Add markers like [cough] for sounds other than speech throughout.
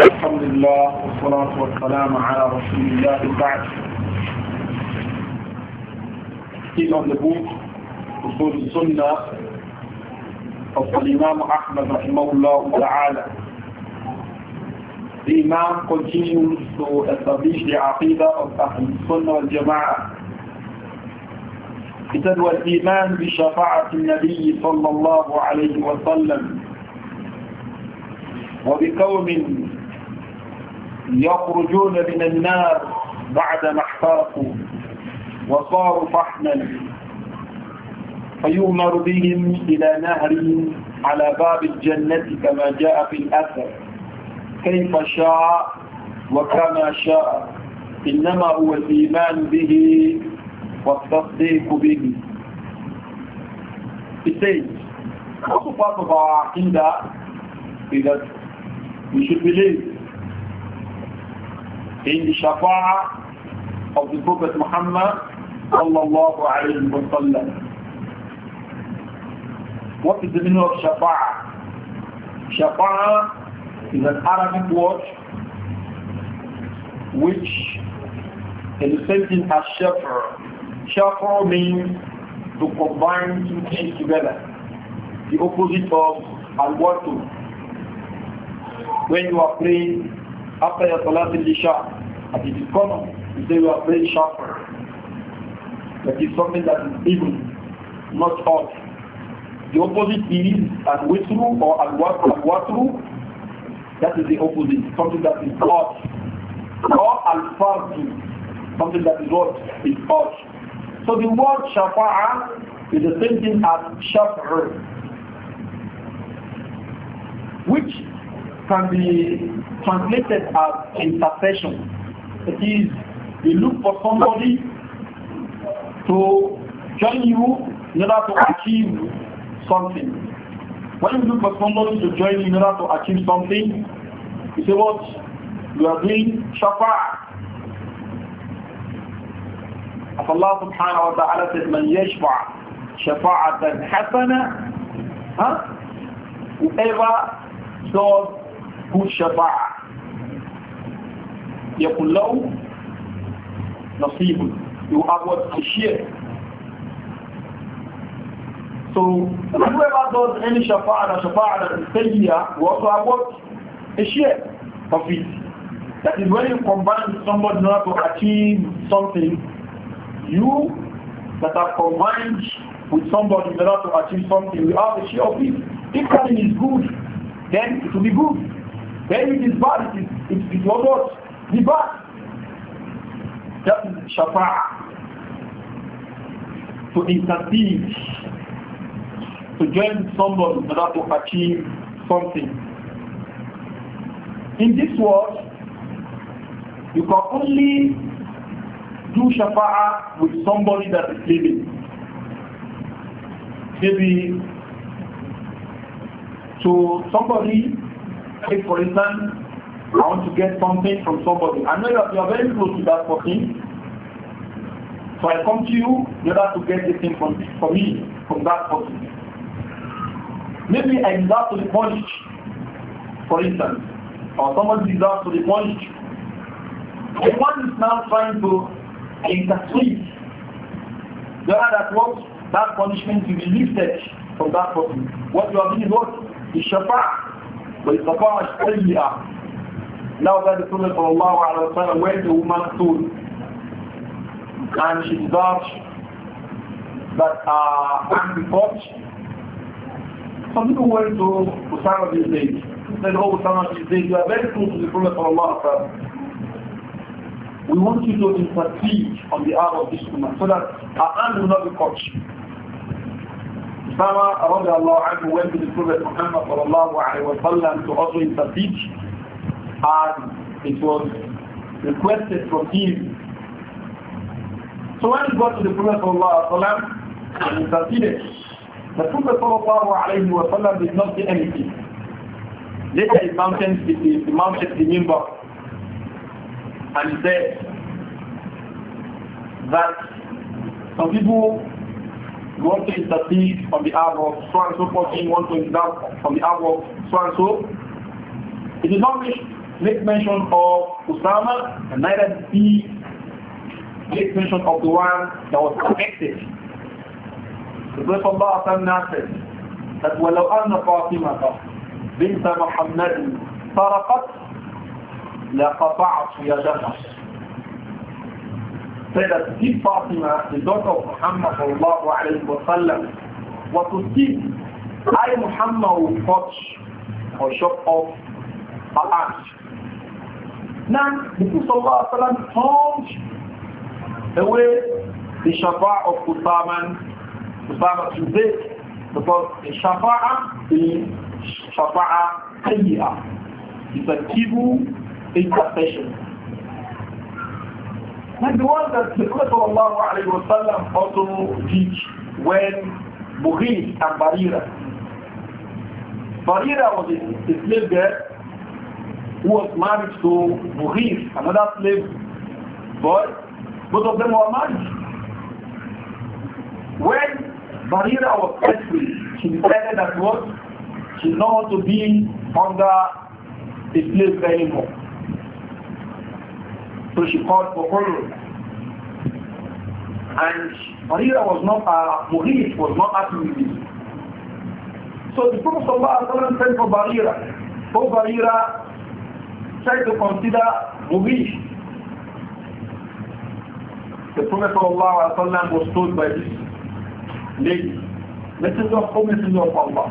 الحمد لله والصلاة والسلام على رسول الله بعد He's on أصول السنة of الإمام أحمد رحمه الله تعالى الإمام Imam continues to establish the السنة of Ahl الإيمان والإيمان بشفاعة النبي صلى الله عليه وسلم وبقوم يخرجون من النار بعدما احترقوا وصاروا فحما فيؤمر بهم إلى نهر على باب الجنة كما جاء في الأثر كيف شاء وكما شاء إنما هو الإيمان به والتصديق به He also part of our Aqidah is that we should believe in the shafa'a of the Prophet Muhammad sallallahu alayhi wa sallam. What is the meaning of shafa'a? Shafa'a is an Arabic word which in the same thing as shafa'a. Shafa'a means to combine two things together. The opposite of al-watu. When you are praying, after your Salat al-Isha, and it is common to say you are sharp. That is something that is evil, not odd. The opposite is al-witru or al-watru. That is the opposite, something that is odd. Or al-fardu, something that is odd, is odd. So the word shafa'a is the same thing as shaf'ur, which can be translated as intercession. It is you look for somebody to join you in order to achieve something. When you look for somebody to join you in order to achieve something, you say what? You are doing shafa. As Allah subhanahu wa ta'ala said: Man يشفع shafaatan حسنة huh? Whoever does ذو الشفاعة يكون له نصيب you have what to share so whoever does any shafa'a shafa'a that is sayyiya will also have what a share of it that is when you combine somebody in order to achieve something you that are combined with somebody in order to achieve something we have a share of it if something is good then it will be good then it is bad, It is it, it was what? The bad. That is shafa'ah. To intercede, to join somebody in order to achieve something. In this world, you can only do shafa'ah with somebody that is living. Maybe to somebody if for instance, I want to get something from somebody. I know that you are very close to that person. So I come to you in order to get the thing from, from me, from that person. Maybe I deserve to be punished, for instance, or someone deserves to be punished. If one is now trying to intercede, the other that what that punishment to be lifted from that person. What you are doing is what? Is shafa. والقطاع السيئة لو ذلك صلى الله عليه وسلم went to woman's tomb and she deserved that uh, angry touch. Some people went to Osama bin Laden said, oh Osama bin Laden, you are very close to the Prophet of Allah We want you to intercede on the behalf of this woman so that her hand will not be touched. Usama anhu went to the Prophet Muhammad sallallahu alayhi wa sallam to him also intercede and it was requested from him. So when he got to the Prophet sallallahu alayhi wa sallam and he interceded, the Prophet sallallahu alayhi wa sallam did not say anything. Later he mentioned the, the, the the member and he said that some people thing want to intercede on behalf of so and so person, you want to intercede on behalf of so and so. it is not make mention of Osama, and neither did he make mention of the one that was affected. The Prophet Allah said that وَلَوْ أَنَّ فَاطِمَةَ بِنْتَ مُحَمَّدٍ فَرَقَتْ لَقَطَعْتُ يَدَهَا سيدة تسيب فاطمة لدوتر محمد الله عليه وسلم وتسيب أي محمد وفاطش وشوف أوف الأرش نعم بكو صلى الله عليه وسلم تونج هو الشفاعة of قسامة قسامة تزيد because الشفاعة هي شفاعة سيئة It's a kibu intercession. And the one that the Prophet ﷺ also teach when Mughir and Barira. Barira was a, a slave girl who was married to Mughir, another slave boy. Both of them were married. When Barira was angry, she decided that what she not to be under a slave anymore. So she called for Qunut. And Maria was not, a uh, Muhit was not happy with So the Prophet Sallallahu sent for Barira. So Barira tried to consider Muhit. The Prophet Sallallahu was told by this lady, Messenger of Messenger of Allah,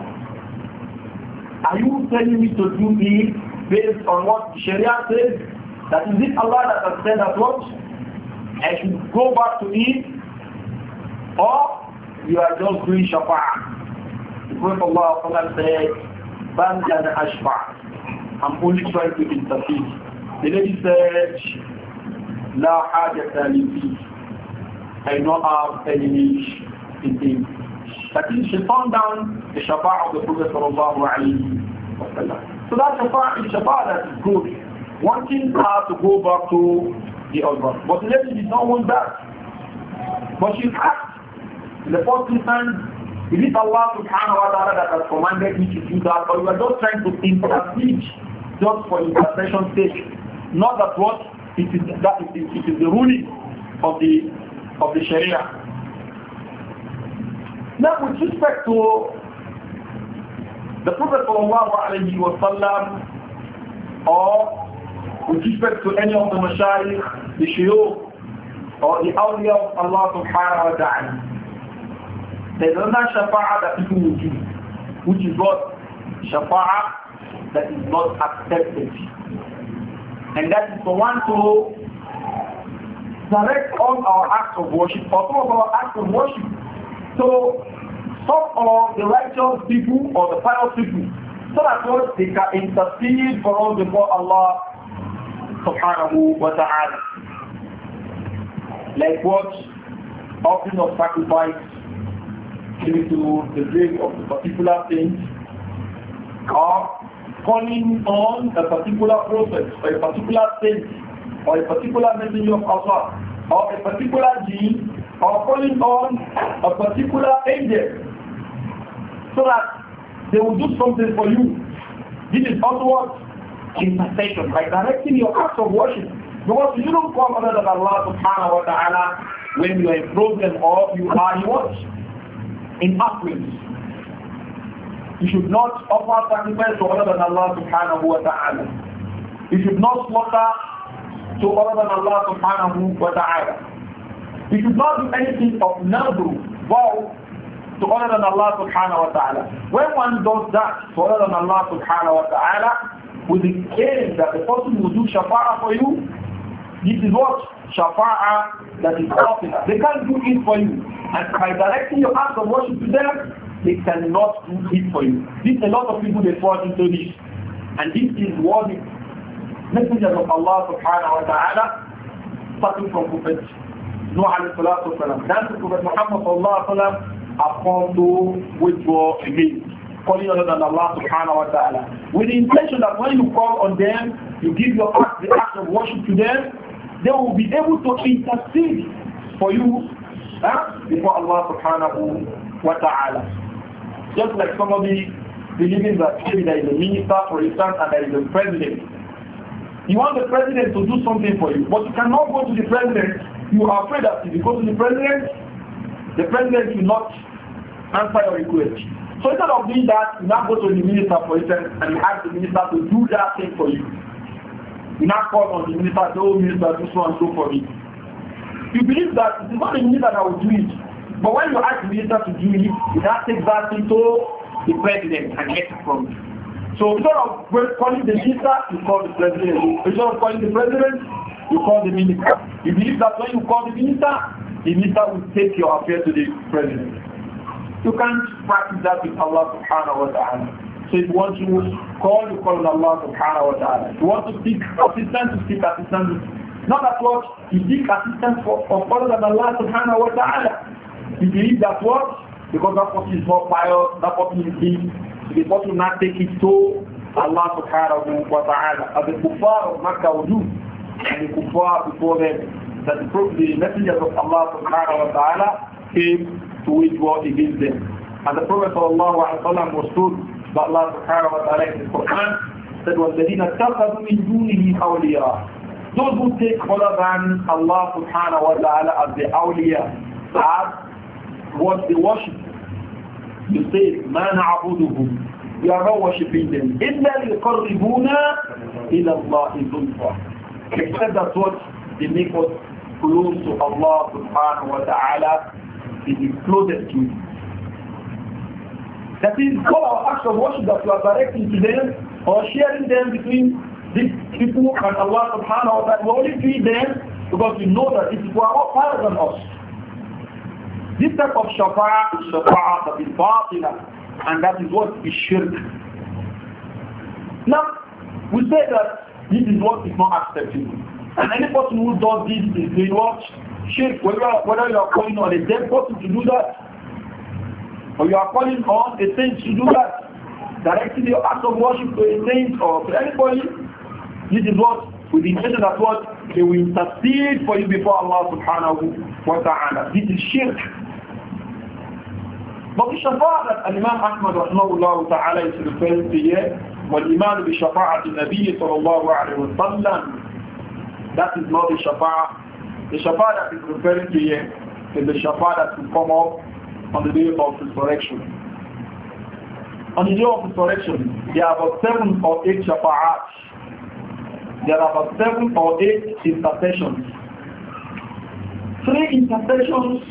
are you telling me to do this based on what Sharia says? That is it Allah that has said that what? I should go back to it or you are just doing shafa'ah. The Prophet Allah said, Ban an ashfa' I'm only trying to intercede. The lady said, La hajata li I don't have any need in him. means she turned down the shafa'ah of the Prophet Sallallahu Alaihi Wasallam. So that shafa'ah is shafa'ah that is good wanting her to go back to the husband. But the lady did not want that. But she asked in the first instance, is it Allah subhanahu wa ta'ala that has commanded me to do that? Or you are just trying to intercede just for intercession's sake. Not that what it is that it is, it is the ruling of the of the Sharia. Now with respect to the Prophet sallallahu alayhi wa sallam or with respect to any of the mashayikh, the shuyukh, or the awliya of Allah subhanahu wa ta'ala. There's another shafa'ah that people will do, which is what? Shafa'a that is not accepted. And that is for one to direct all our acts of worship, or some of our acts of worship. So some of the righteous people or the pious people, so that what they can intercede for us before Allah subhanahu wa ta'ala. Like what offering of sacrifice given to the grave of a particular saint or calling on a particular prophet or a particular saint or a particular messenger of Allah or a particular jinn or calling on a particular angel so that they will do something for you. This is also what intercession, by directing your acts of worship. Because you don't come under the Allah subhanahu wa ta'ala when you are in problem or you are in what? In affluence. You should not offer sacrifice to other than Allah subhanahu wa ta'ala. You should not slaughter to other than Allah subhanahu wa ta'ala. You should not do anything of nadru, vow, to other than Allah subhanahu wa ta'ala. When one does that to other than Allah subhanahu wa ta'ala, with the aim that the person will do shafa'a for you, this is what shafa'a that is offered. They can't do it for you. And by directing your acts of worship to them, they cannot do it for you. This a lot of people they fall into this. And this is what the messengers of Allah subhanahu wa ta'ala starting from Prophet Nuh alayhi salatu wa salam. Then Prophet Muhammad sallallahu alayhi wa sallam are to withdraw against calling other than Allah subhanahu wa ta'ala. With the intention that when you call on them, you give your act, the act of worship to them, they will be able to intercede for you huh, before Allah subhanahu wa ta'ala. Just like somebody believing that maybe there is a minister, for instance, and there is a president. You want the president to do something for you, but you cannot go to the president. You are afraid that if you go to the president, the president will not answer your request. So instead of doing that, you now go to the minister for instance and you ask the minister to do that thing for you. You now call on the minister, say, oh minister, do so and so for me. You believe that it is not the minister that will do it. But when you ask the minister to do it, you now take that thing to the president and get it from you. So instead of calling the minister, you call the president. Instead of calling the president, you call the minister. You believe that when you call the minister, the minister will take your affair to the president. You can't practice that with Allah subhanahu wa ta'ala. So if you want to call, you call on Allah subhanahu wa ta'ala. If you want to seek assistance, you seek assistance. Not that what you seek assistance for, other than Allah subhanahu wa ta'ala. You believe that what? Because that what is more not that what is deep. being, the person not take it to Allah subhanahu wa ta'ala. As the kuffar of Makkah will do, and the kuffar before them, that the messengers of Allah subhanahu wa ta'ala came to what he gives them. And the Prophet ﷺ was told by Allah subhanahu wa ta'ala in the Quran that وَالَّذِينَ اتَّخَذُوا مِن دُونِهِ أَوْلِيَاءَ Those who take other than Allah subhanahu wa ta'ala as the awliya as what they worship. You say, مَا نَعْبُدُهُمْ We are not worshipping them. إِلَّا لِيُقَرِّبُونَ إِلَى اللَّهِ ذُلْفَى Except that what they make us close to Allah subhanahu wa ta'ala It is closer to you. That is, all our acts of worship that we are directing to them or sharing them between these people and Allah subhanahu wa ta'ala, we only feed them because we know that these people are all higher than us. This type of shirk is shirk that is batila, and that is what is shirk. Now, we say that this is what is not acceptable. And any person who does this is doing what? shirk, whether, whether you are calling on a dead person to do that, or you are calling on a saint to do that, directing your act of worship to a saint or to anybody, this is what, with the intention that what, they will intercede for you before Allah subhanahu wa ta'ala. This is shirk. But the shafa'a that Imam Ahmad rahmahullah ta'ala is referring to here, والإيمان بشفاعة النبي صلى الله عليه وسلم That is not the shafa'a the Shafar that is referring to here is the Shafar that will come up on the day of resurrection. On the day of resurrection, there are about seven or eight Shafa'at. There are about seven or eight intercessions. Three intercessions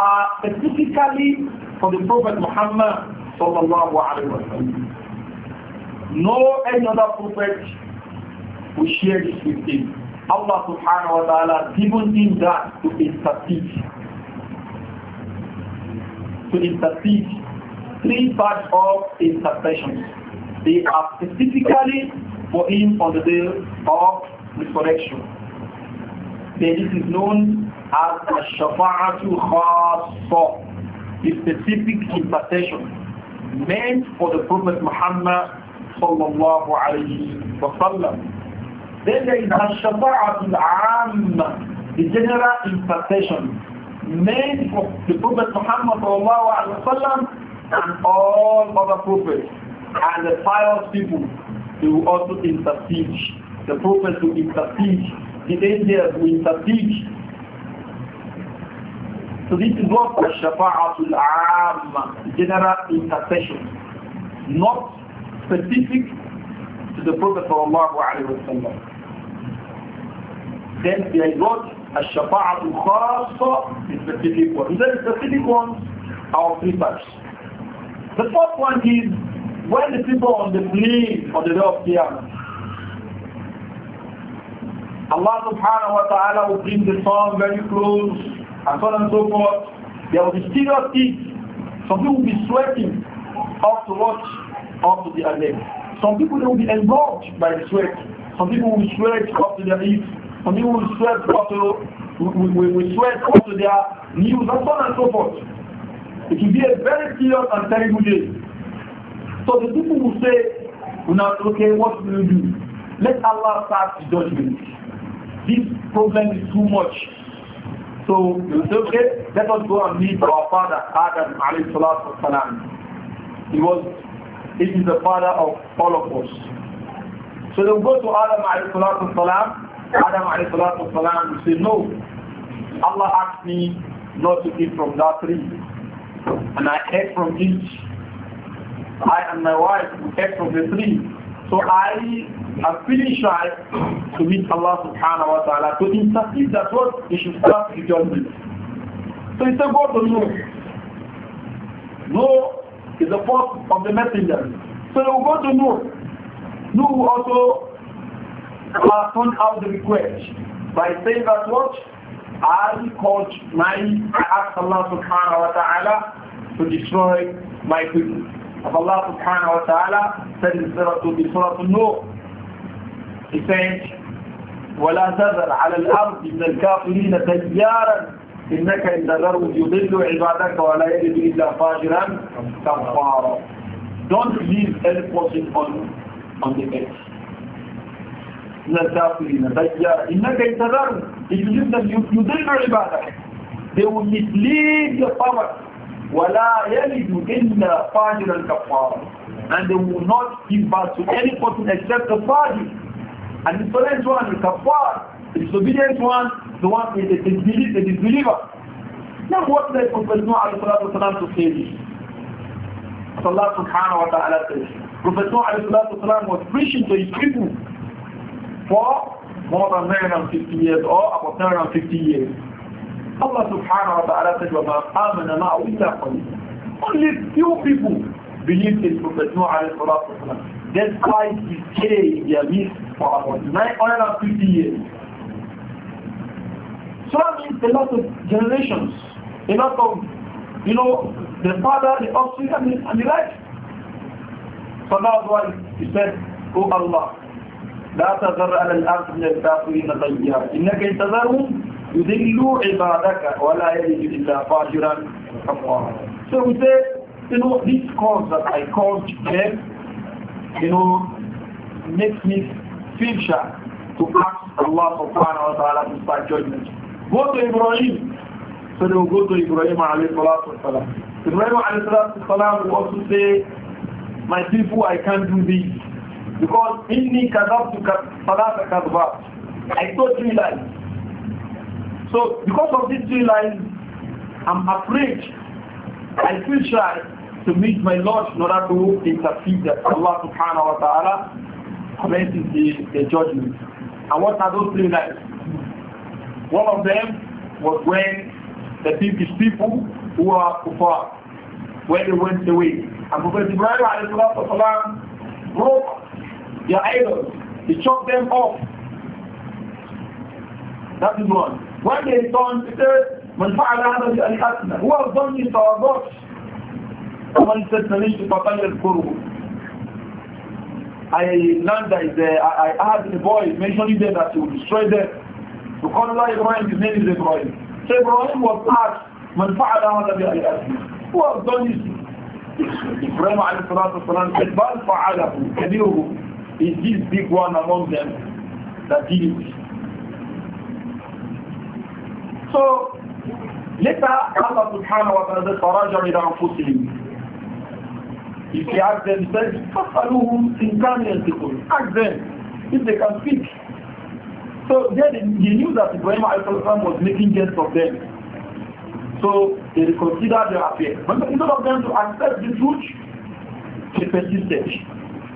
are specifically for the Prophet Muhammad sallallahu alaihi wasallam. No any other prophet will share this with him. Allah subhanahu wa ta'ala given him that to intercede. To intercede. Three parts of intercession. They are specifically for him on the day of resurrection. Then this is known as the Shafa'atu for the specific intercession meant for the Prophet Muhammad sallallahu alayhi wa sallam. Then there shafaat al Ammah, the general impartation made for the Prophet Muhammad and all other prophets and the pious people. to also intercede. The prophets will intercede. The angels will intercede. So this is what ash amma Ammah, general intercession. Not specific to the Prophet sallallahu alayhi wa sallam then there is what الشفاعة الخاصة the specific one. Is the specific ones are three parts. The fourth one is when the people on the plane on the day of Qiyamah Allah subhanahu wa ta'ala will bring the sun very close and so on and so forth. There will be still serious heat. Some people will be sweating after to watch, to the other. Some people will be engulfed by the sweat. Some people will sweat up to their ears. Some people will swear to, will, will, will swear to their news and so on and so forth. It will be a very serious and terrible day. So the people will say, now, okay, what will you do? Let Allah start the judgment. This problem is too much. So you say, okay, let us go and meet our father, Adam alayhi salatu He was, he is the father of all of us. So they will go to Adam alayhi salatu wasalam Adam والسلام, will say, No, Allah asked me not to eat from that tree. And I ate from each. I and my wife ate from the tree. So I have feeling shy to meet Allah subhanahu wa ta'ala to intercede that what he should start the judgment. So it's a God to know. No is the fault of the messenger. So it's go to know. No also uh, turned out the request by saying that what? I called my, I asked Allah subhanahu wa ta'ala to destroy my people. Of Allah subhanahu wa ta'ala said in Surah to the Surah An-Nur, He said, وَلَا تَذَرْ عَلَى الْأَرْضِ مِنَ الْكَافِرِينَ تَيَّارًا إنك إن تذرهم يضلوا عبادك ولا يجد إلا فاجرا كفارا Don't leave any person on, on the earth. للكافرين you, إنك انتظر إبليس يضل عبادك they will mislead your power ولا يلد إلا فاجر الكفار and they will not give birth to any person except the fajr and the insolent one the kafar the disobedient one the one the, the, the, the disbeliever now what does Prophet Noah alayhi salatu wasalam to say this Allah subhanahu wa ta'ala says Prophet Noah alayhi salatu wasalam was preaching to his people for more than 950 years or about 950 years. Allah subhanahu wa ta'ala said, وَمَا آمَنَ مَعُ إِلَّا قَلِيلٌ Only few people believe in Prophet Noah alayhi salatu wasalam. Despite in their midst for about 950 years. So that means a lot of generations, a lot of, you know, the father, the offspring, and the, and the life. So that's why he said, Oh Allah, لا تذر على الأرض من الكافرين ضيئا إنك إن يذلوا عبادك ولا يجد إلا فاجرا كفارا So we say, you know, this cause that I caused them, you know, makes me feel shy to ask Allah subhanahu wa ta'ala to start judgment. Go to Ibrahim. So they will go to Ibrahim alayhi salatu wa salam. Ibrahim alayhi salatu wa salam will also say, my people, I can't do this. Because inni kadabtu salata kadba. I told three lines. So because of these three lines, I'm afraid. I feel shy to meet my Lord in order to intercede that Allah subhanahu wa ta'ala commences the, the judgment. And what are those three lines? One of them was when the Turkish people who are kufar, when they went away. And Prophet Ibrahim broke their idols. They chop them off. That is one. When they return, they say, من فعل هذا بألحتنا هو الظن صوابات ومن تتنيش فقل الكروه I learned that is, uh, I, I had a boy mentioning them that he would destroy them. So Qanullah Ibrahim, his name is Ibrahim. So Ibrahim was asked, من فعل هذا بألحتنا هو الظن Ibrahim عليه الصلاة والسلام said, بل فعله كبيره is this big one among them that did it. So later Allah subhanahu wa ta'ala said, فَرَجَ إِلَىٰ أَنفُسِهِمْ If you ask them, he says, فَاسْأَلُوهُمْ إِنْ كَانُوا يَنْتِقُونَ Ask them if they can speak. So then they knew that Ibrahim Al-Fulham was making jest of them. So they reconsidered their affair. But instead of them to accept the truth, they persisted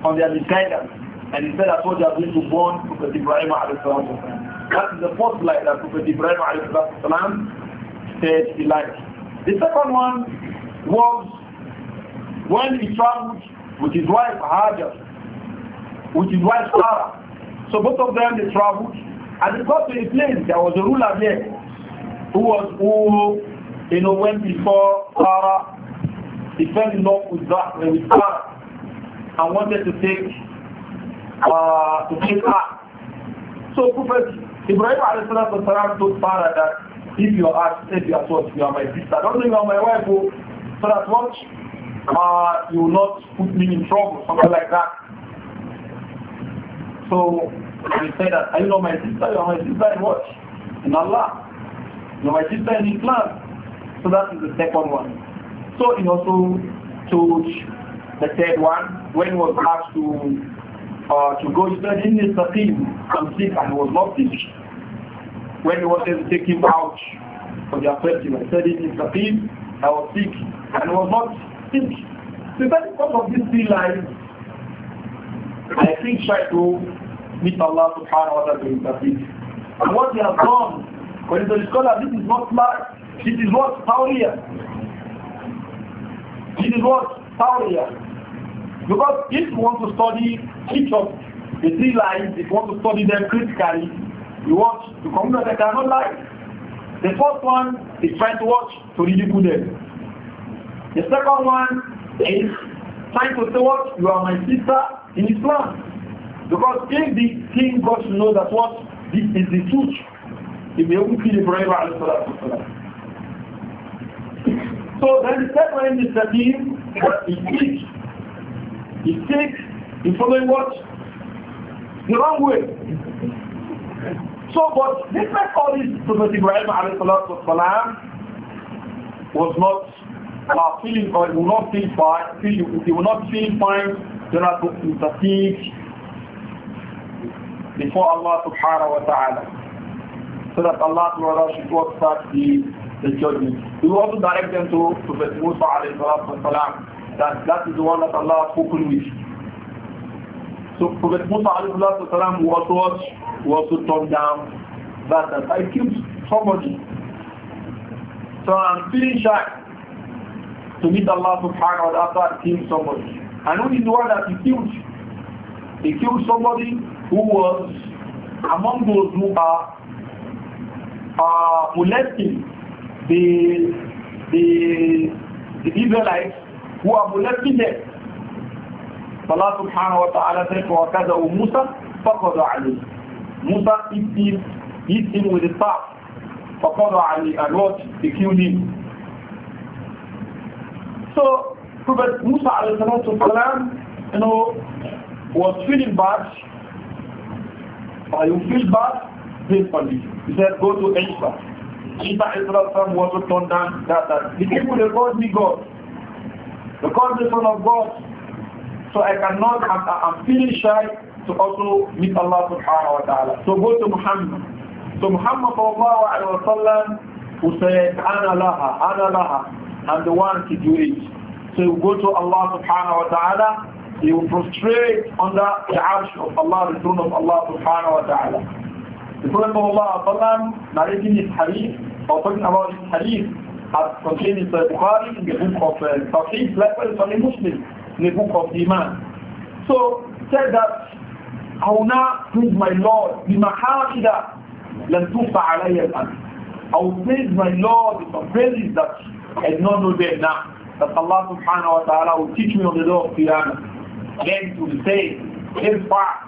on their misguidance. And he said told you I'm going to burn Prophet Ibrahim That is the first light that Prophet Ibrahim said he liked. The second one was when he traveled with his wife Hajar, with his wife Sarah. So both of them they traveled and they got to a place, there was a ruler there who was who you know went before Sarah. He fell in love with that with Sarah and wanted to take uh, to take up. So Prophet Ibrahim والسلام, told Farah that if you are asked, if you are what, you are my sister. I don't think you are my wife, oh, so that what? Uh, you will not put me in trouble, something like that. So he said that, are you not my sister? You are my sister in what? In Allah. You are my sister in Islam. So that is the second one. So he also told the third one when he was asked to uh, to go, he in the Saqim, I'm sick, and was not sick. When he was to take out for their festival, he said, Inni Saqim, I was sick, and was not sick. So he said, because of this three lines, I think try to meet Allah subhanahu wa ta'ala to intercede. And what he has done, when the scholar, this is not smart, this is what? Tawriyah. This is what? Tawriyah. Because if you want to study each of the three lines, if you want to study them critically, you watch to computer that cannot lie. The first one is trying to watch to ridicule them. The second one is trying to say what you are my sister in Islam. Because if the king got to know that what this is the truth, he may even kill Ibrahim So then the second one is the king that is he takes the following what? The wrong way. So, but despite all this, Prophet Ibrahim والسلام, was not uh, feeling, or he will not feel fine, feel, he will not feel fine during the fatigue before Allah subhanahu wa ta'ala. So that Allah subhanahu wa ta'ala should work the, the judgment. He will also direct them to Prophet Musa alayhi salatu wa salam that that is the one that Allah has spoken with. So Prophet Musa was what was to turn down that that I killed somebody. So I'm feeling shy to meet Allah subhanahu wa ta'ala killing somebody. And who is the one that he killed? He killed somebody who was among those who are uh, molesting the the the Israelites who are Allah subhanahu wa ta'ala said, وَكَذَوْ مُوسَى فَقَضَ عَلِيهِ Musa hit hit him with a staff. فَقَضَ And what? He him. So, Prophet Musa alayhi salatu salam, you know, was feeling bad. Or you feel bad, this. He said, go to Ishba. Isa alayhi salatu was turned down that, that. The people, they called me God. Because the Son of God, so I cannot, I'm, I'm feeling shy to also meet Allah subhanahu wa ta'ala. So go to Muhammad. So Muhammad sallallahu alayhi wa sallam who said, Ana laha, Ana laha, I'm the one to do it. So you go to Allah subhanahu wa ta'ala, he will prostrate under the arsh of Allah, the throne of Allah subhanahu wa ta'ala. The Prophet sallallahu alayhi wa sallam narrating his hadith, or talking about his hadith, as contained in the Bukhari, in the book of uh, Tawheed, likewise on the Muslim, in the book of the Iman. So, said that, I will not praise my Lord, بمحامد لن تُفَى عَلَيَّ الْأَنْ I will praise my Lord with some praises that I do not know them now. That Allah subhanahu wa ta'ala will teach me on the day of Qiyamah. Then to say, His back,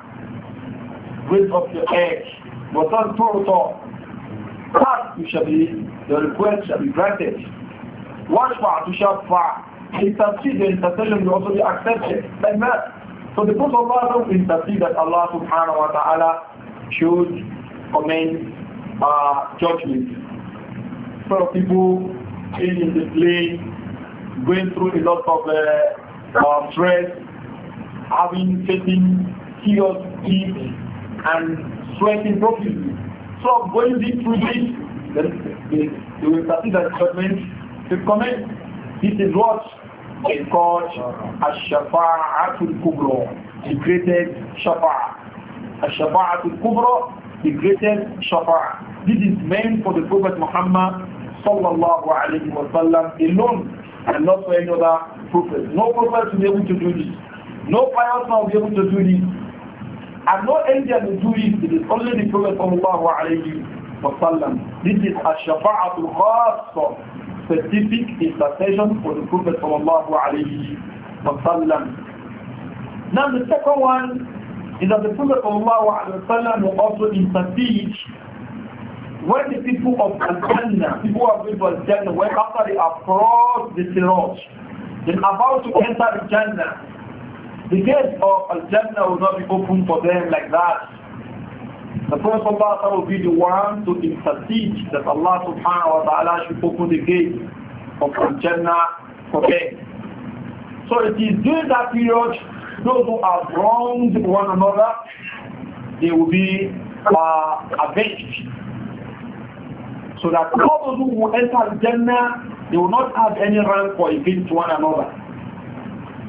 raise up your edge, وَتَنْ تُعْطَى but you shall be, your request shall be granted. Washfa to shafa. Intercede, the intercession will also be accepted. Like that. So the Prophet Allah intercede that Allah subhanahu wa ta'ala should commend uh, judgment. So people in the plane, going through a lot of uh, uh, stress, having facing serious heat and sweating profusely. So going deep through this, then you will see that judgment to comment. This is what is called Ash-Shafa'atul Kubra, the greatest Shafa'a. Ash-Shafa'atul Kubra, the greatest Shafa'a. This is meant for the Prophet Muhammad sallallahu alayhi wa sallam alone and not for any other prophet. No prophet will be able to do this. No pious man will be able to do this. And no angel will do it. It is only the Prophet sallallahu alayhi wa sallam. This is a shafa'atul khassa, specific intercession for the Prophet sallallahu alayhi wa sallam. Now the second one is that the Prophet sallallahu alayhi wa sallam will also intercede when the people of Al-Jannah, people are of Al-Jannah, when after they have crossed the Siraj, are about to enter the Jannah, the gates of Al-Jannah will not be open for them like that. The Prophet Allah will be the one to intercede that Allah subhanahu wa ta'ala should open the gate of Al-Jannah for them. So it is during that period, those who have wronged one another, they will be uh, avenged. So that all those who enter Jannah, they will not have any rank for against one another.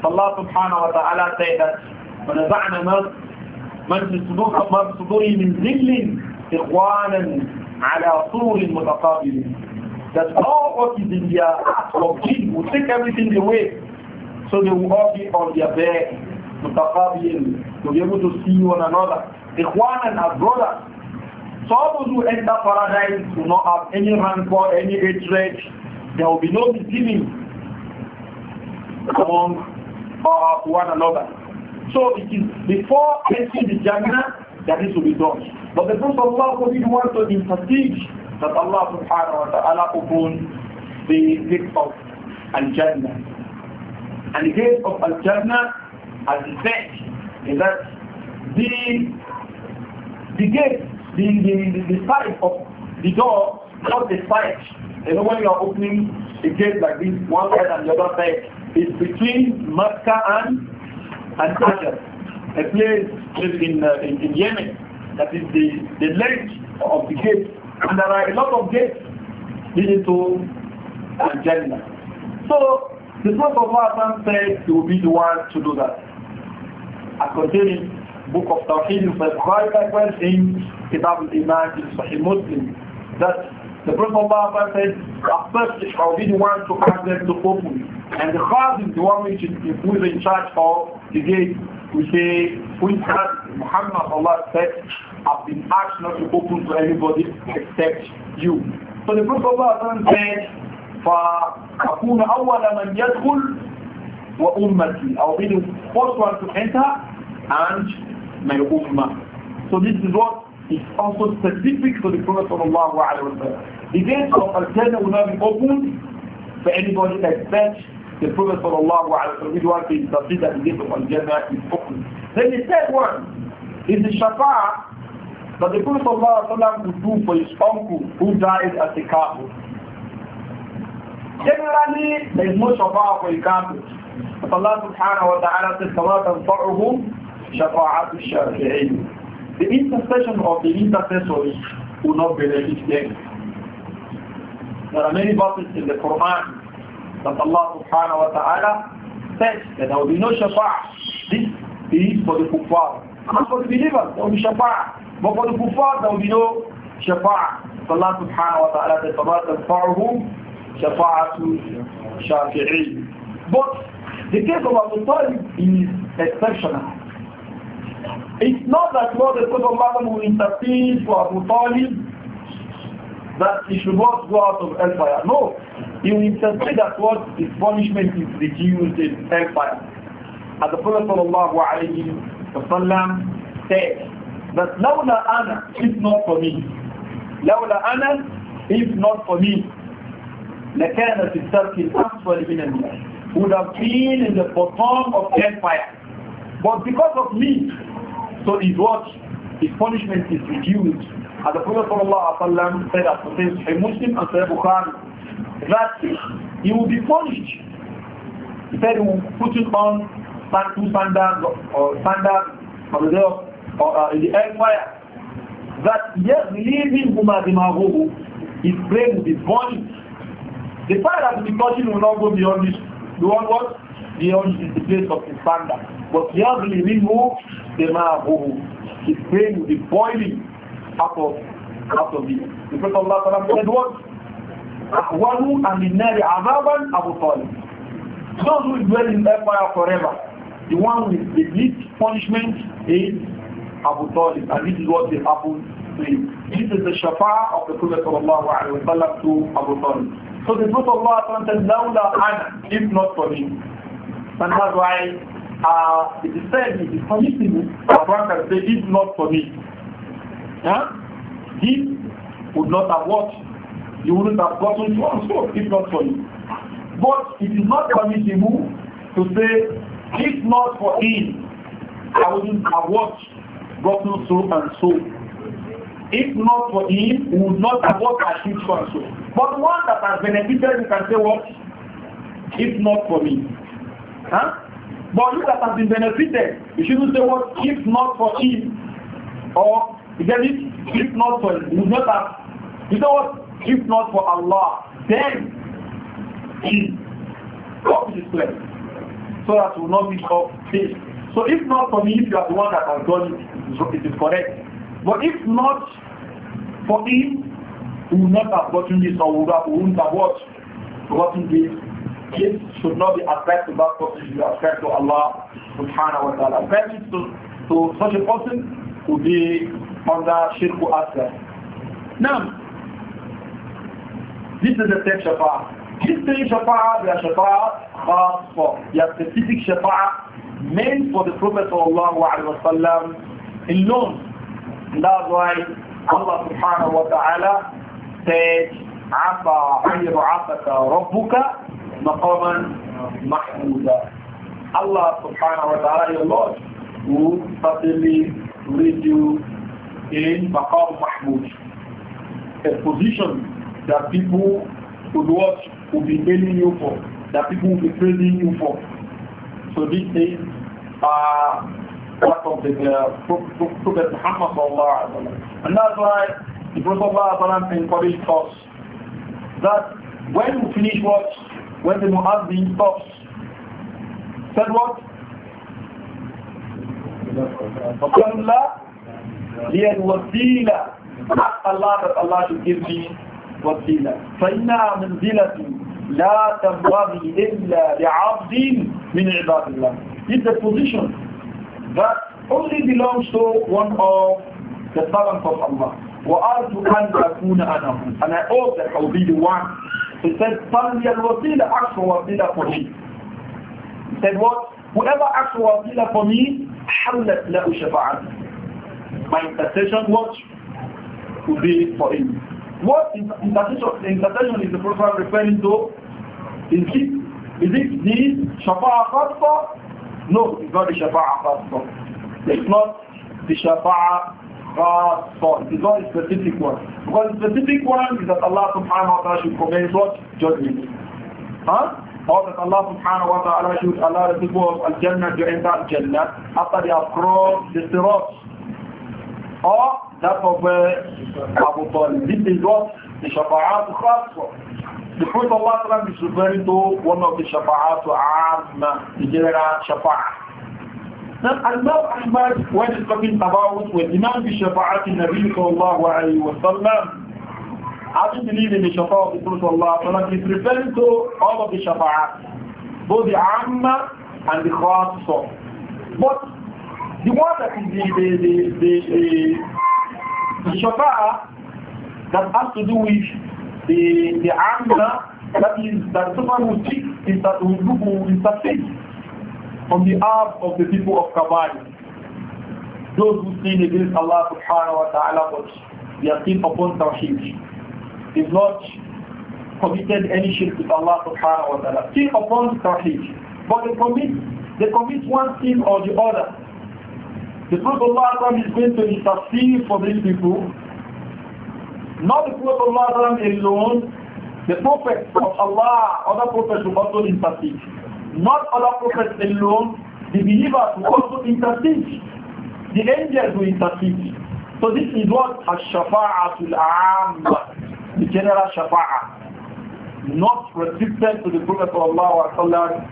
Allah subhanahu wa ta'ala من that وَنَزَعْنَا مَنْ صُدُورِ من ذِلٍ إخوانا على صُورٍ مُتَقَابِلٍ That all what is in their heart of sin will take everything away so they will all be on their bed مُتَقَابِلٍ to be able to see one another إخوانا are brothers so all those who enter paradise will not have any rancor, any hatred. There will be no deceiving among of one another. So it is before entering the Jannah that this will be done. But the Prophet Allah didn't want to emphasize that Allah subhanahu wa ta'ala opened the gate of Al-Jannah. And the gate of Al-Jannah as he said is that the the gate, the, the, the side of the door, not the side you know, when you are opening a gate like this, one side and the other side, it's between Mecca and, and Hajar, a place in, uh, in, in, Yemen that is the, the length of the gate. And there are a lot of gates leading to and Jannah. So, the Prophet of Allah said he will be the one to do that. As contained Book of Tawheed, in Bukhari, likewise in Kitab al-Iman, in Sahih Muslim, that the Prophet Allah said, first I will be the one to ask them to open. And the Khaz is the one which is, who is in charge of the gate. We say, we ask Muhammad Allah said, I've been asked not to open to anybody except you. So the Prophet Muhammad said, فأكون أول من يدخل وأمتي. I will be the first one to enter and my ummah. So this is what is also specific to the Prophet sallallahu alaihi wasallam. The gates of Al-Jannah will not be opened for anybody except the Prophet sallallahu alaihi wasallam. We do have to that the gates of Al-Jannah is open. Then the third one is the shafa that the Prophet sallallahu alaihi wasallam would do for his uncle who died at the kafir. Generally, there is no shafa for the kafir. But Allah subhanahu wa ta'ala says, فَلَا تَنْفَعُهُمْ شَفَاعَةُ الشَّافِعِينَ the intercession of the intercessors will not benefit them. There are many verses in the Quran that Allah subhanahu wa ta'ala says that there will be no shafa'ah. This is for the kuffar. Not for the believers, there will be shafa'ah. But for the kuffar, there will be no shafa'ah. So Allah subhanahu wa ta'ala said, فَمَا تَنْفَعُهُمْ شَفَاعَةُ شَافِعِينَ But the case of Abu Talib is exceptional. It's not that what the Prophet will intercede for Abu Talib that he should not go out of hellfire. No, he will intercede that what his punishment is reduced in hellfire. As the Prophet sallallahu alayhi wa said, that لولا Ana, if not for me لولا Ana, if not for me لكان في الدرك الأسفل من would have been in the bottom of hellfire but because of me So his what? His punishment is reduced. As the Prophet ﷺ said as says a Muslim and Sahih Bukhari, that he will be punished. He said he will put it on two sandals or sandals on the day or, uh, in the air wire. That yes, leaving Huma Dimahu, his brain will be burning. The fire that will be touching will not go beyond this, one what? Beyond the place of his standard. But yes, leaving who? His brain will be boiling out of out of it. The Prophet Allah said what? Ahwanu and the Nari Azaban Abu Talib. Those who dwell in empire forever, the one with the least punishment is Abu Talib. And this is what will happen to him. This is the shafa of the Prophet Sallallahu Alaihi Wasallam to Abu Talib. So the Prophet of Allah said, Lawla ana, if not for him. And that's why Uh, it is said it is permissible but one can say it is not for me. Huh? This would not have worked. You wouldn't have gotten to so if not for you. But it is not permissible to say if not for him, I wouldn't have worked, gotten so and so. If not for him, we would not have worked at so and so. But one that has benefited, you can say what? If not for me. Huh? But you that have been benefited, you shouldn't say what well, if not for him or you get it? If not for him, would not have you know what? If not for Allah, then he comes his place. So that will not be of this. So if not for me, if you are the one that has done it, it is correct. But if not for him, we will not have gotten this or we will not have what? Gotten this This should not be ascribed to that person, should be ascribed to Allah subhanahu wa ta'ala. Ascribing to, to such a person would be under shirku asgar. Now, this is the same shafa'ah. This same shafa'ah, the are shafa'ah khas for. the specific shafa'ah meant for the Prophet sallallahu alayhi wa sallam alone. And that's why Allah subhanahu wa ta'ala said, عَفَى عَيْرُ عَفَةَ رَبُّكَ maqaman mahmuda. Allah subhanahu wa ta'ala, your Lord, will in maqam mahmud, a position that people would watch, would be paying you for, that people will be praising you for. So this is uh, part of the uh, Prophet Muhammad sallallahu alaihi wasallam. And that's why the Prophet sallallahu alaihi wasallam encouraged us that when we finish what when the Muazzin stops. Said what? Ask Allah that Allah should give me وسيلة فإنها منزلة لا تنبغي إلا لعبد من عباد الله It's a position that only belongs to one of the servants of Allah. وأرجو أن أكون أنا and I hope that I'll be the one He said, Salli al-wasila, asked for wasila for me. He said what? Whoever asked for wasila for me, حلت له شفاعتي. My intercession, what? Would be for him. What intercession? Intercession is the Prophet referring to. Is it, is it the shafa'a khasfa? No, it's not the shafa'a khasfa. It's not the shafa'a uh, for. It is not a specific one. Because the specific one is that Allah subhanahu wa ta'ala should commence what? Judgment. Huh? Or that Allah subhanahu wa ta'ala should allow the people of Al-Jannah to enter al Jannah after they have crossed the Sirat. Or that of uh, Abu Talib. This is what the Shafa'at Khaswa. The Prophet Allah is referring to one of the Shafa'at to Amma, the general Shafa'at. Now, Allah Ahmad, when he's talking about when Imam bi Shafa'at in Nabi sallallahu alayhi wa sallam, having believed in the Shafa'at of the Prophet sallallahu alayhi wa sallam, he's referring to all of the Shafa'at, both the Amma and the Khassa. But the one that is the, the, the, the, the, the Shafa'at that has to do with the, the Amma, that is that someone who speaks, is that who, who intercedes on behalf of the people of Kabani, those who sin against Allah subhanahu wa ta'ala, but they are still upon tawheed. They've not committed any shirk with Allah subhanahu wa ta'ala. Still upon tawheed. But they commit, they commit one sin or the other. The Prophet Allah is going to intercede for these people. Not the Prophet Allah alone, the Prophet of Allah, other prophets will also intercede. Not all prophets alone, the believers will also intercede. The angels will intercede. So this is what a shafaatul Amma, the general Shafa'a, not restricted to the Prophet Allah alone.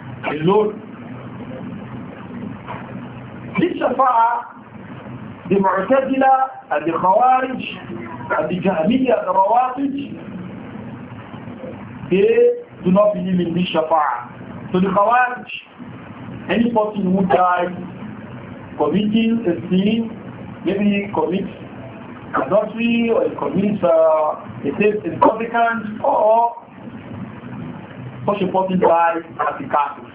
This Shafa'a, the Mu'tazila and the Khawarij and the Jahmiyyah and the Rawatij, they do not believe in this Shafa'a. So the Khawarij, any person who dies committing a sin, maybe commits adultery or commits uh, a theft in Vatican or such a person dies as a Catholic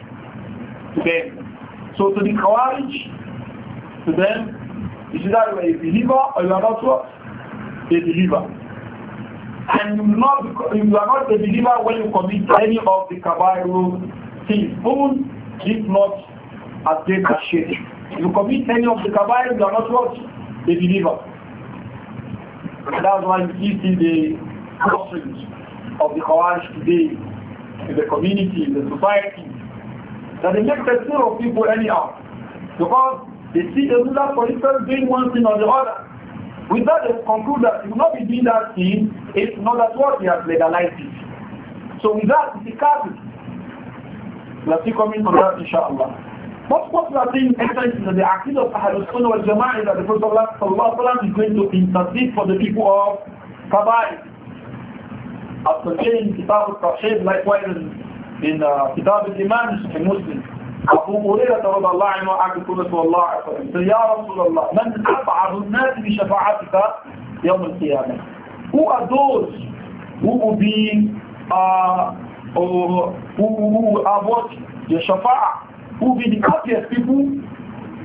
to them. So to the Khawarij, to them, is either you are a believer or you are not what? A believer and you, not, you are not a believer when you commit any of the rules thief, even if not as great as shirk. If you commit any of the kabair, you are not what? The believer. that's why you see the offerings of the Khawarij today in the community, in the society, that they make the fear of people anyhow. Because they see the ruler, for instance, doing one thing or the other. With that, they conclude that he will not be doing that thing if not that what he has legalized it. So with that, it's a Let's see coming on that inshallah. But what we are saying is that the Aqid of Ahlul Sunnah wal Jama'ah is that the Prophet ﷺ is going to intercede for the people of Kaba'ir. After saying Kitab al-Tawheed, likewise in, in uh, Kitab al-Iman, in Muslim, أبو هريرة رضي الله عنه عن رسول الله عليه وسلم يا رسول الله من أبعد الناس بشفاعتك يوم القيامة Who are those who will be uh, or who, who have what? The Shafa'ah. Who will be the happiest people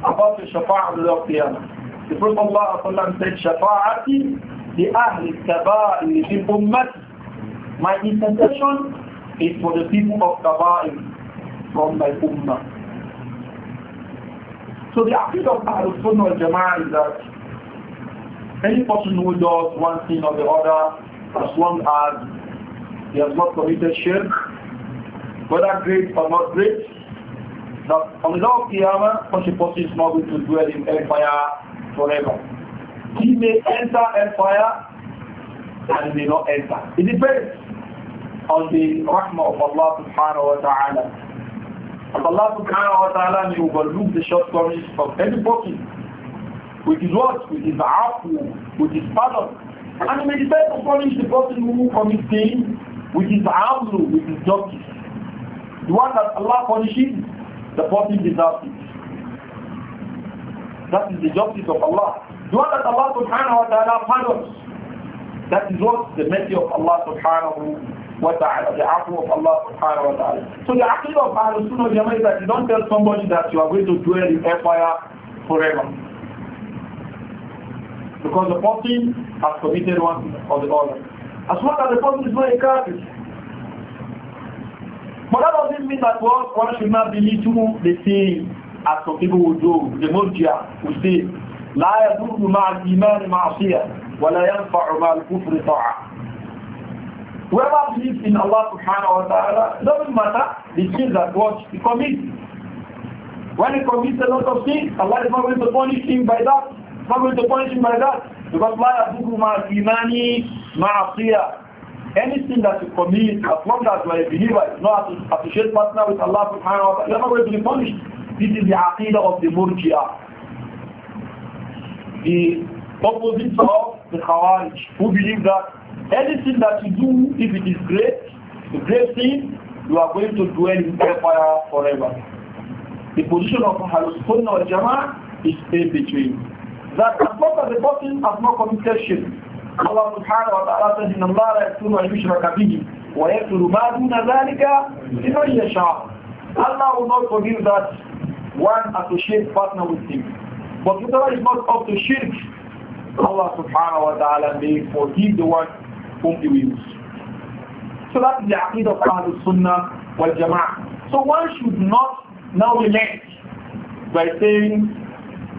about the Shafa'ah of the Qiyamah. The Prophet Allah said, Shafa'ati the al Kaba'il in Ummati. My intercession is for the people of Kaba'il from my Ummah. So the appeal of Ahlul Sunnah Jama'ah is that any person who does one thing or the other as long as he has not committed shirk, whether great or not great. That on the day of Qiyamah, such a person is not going to dwell in hellfire forever. He may enter hellfire and he may not enter. It depends on the rahmah of Allah subhanahu wa ta'ala. And Allah subhanahu wa ta'ala may overlook the shortcomings of any person with his what? With his afu, with his pardon. And he may depend upon punish the person who commits sin which is amru, which is justice. The one that Allah punishes, the person deserves it. That is the justice of Allah. The one that Allah subhanahu wa ta'ala pardons, that is what the mercy of Allah subhanahu wa ta'ala, the afu of Allah subhanahu wa ta'ala. So the aqidah of Ahlul Sunnah is that you don't tell somebody that you are going to dwell in fire forever. Because the person has committed one or the other. As long as the person is not a kafir. But that doesn't mean that one, one should not believe too the same as some people will do, the Murjia will say, لا يدل مع الإيمان معصية ولا ينفع مع الكفر طاعة. Whoever believes in Allah subhanahu wa ta'ala, it doesn't matter the sins that what he commits. When he commits a lot of sins, Allah is not going to punish him by that, not going to punish him by that. Because la yadugu ma imani ma'asiyah. Anything that you commit, as long as you are a believer, is not associated partner with Allah subhanahu wa ta'ala, you are not going to be punished. This is the aqidah of the murji'ah. The opposite of the Khawarij, who believe that anything that you do, if it is great, a great thing, you are going to dwell in fire forever. The position of Ahlul Sunnah wal Jama'ah is in between that as long as the person has not committed Allah subhanahu wa ta'ala says, إِنَّ اللَّهَ al أَنْ يُشْرَكَ بِهِ وَيَكْفُرُ مَا دُونَ ذَلِكَ لِمَنْ يَشَاءُ Allah will not forgive that one associate partner with him. But whoever is not up to shirk, Allah subhanahu wa ta'ala may forgive the one whom he wills. So that is the aqid of Ahlul Sunnah wal Jama'ah. So one should not now relent by saying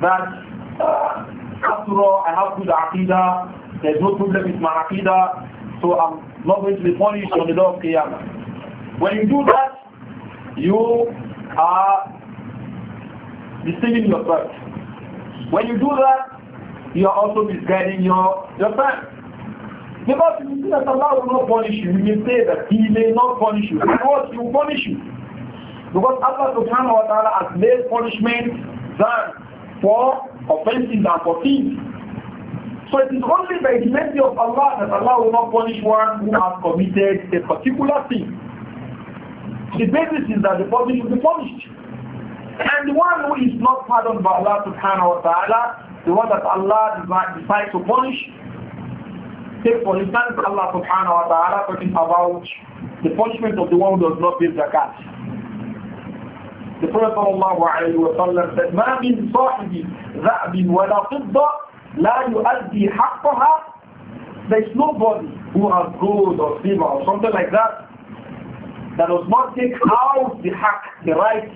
that after all, I have good aqidah. There's no problem with my aqidah. So I'm not going to be punished on the day of Qiyamah. When you do that, you are deceiving yourself. When you do that, you are also misguiding your, your friend. Because you see that Allah will not punish you, you can say that He may not punish you. Because He will punish you. Because Allah subhanahu wa ta'ala has made punishment done for offenses and for So it is only by the mercy of Allah that Allah will not punish one who has committed a particular sin. The basis is that the person should be punished. And the one who is not pardoned by Allah subhanahu wa ta'ala, the one that Allah decides to punish, take for instance Allah subhanahu wa ta'ala talking about the punishment of the one who does not the zakat. The Prophet ﷺ said, مَا مِنْ صَاحِبِ ذَعْبٍ وَلَا فِضَّةٍ لَا يُؤَدِّي حَقَّهَا There's nobody who has gold or silver or something like that that does not take out the hack the right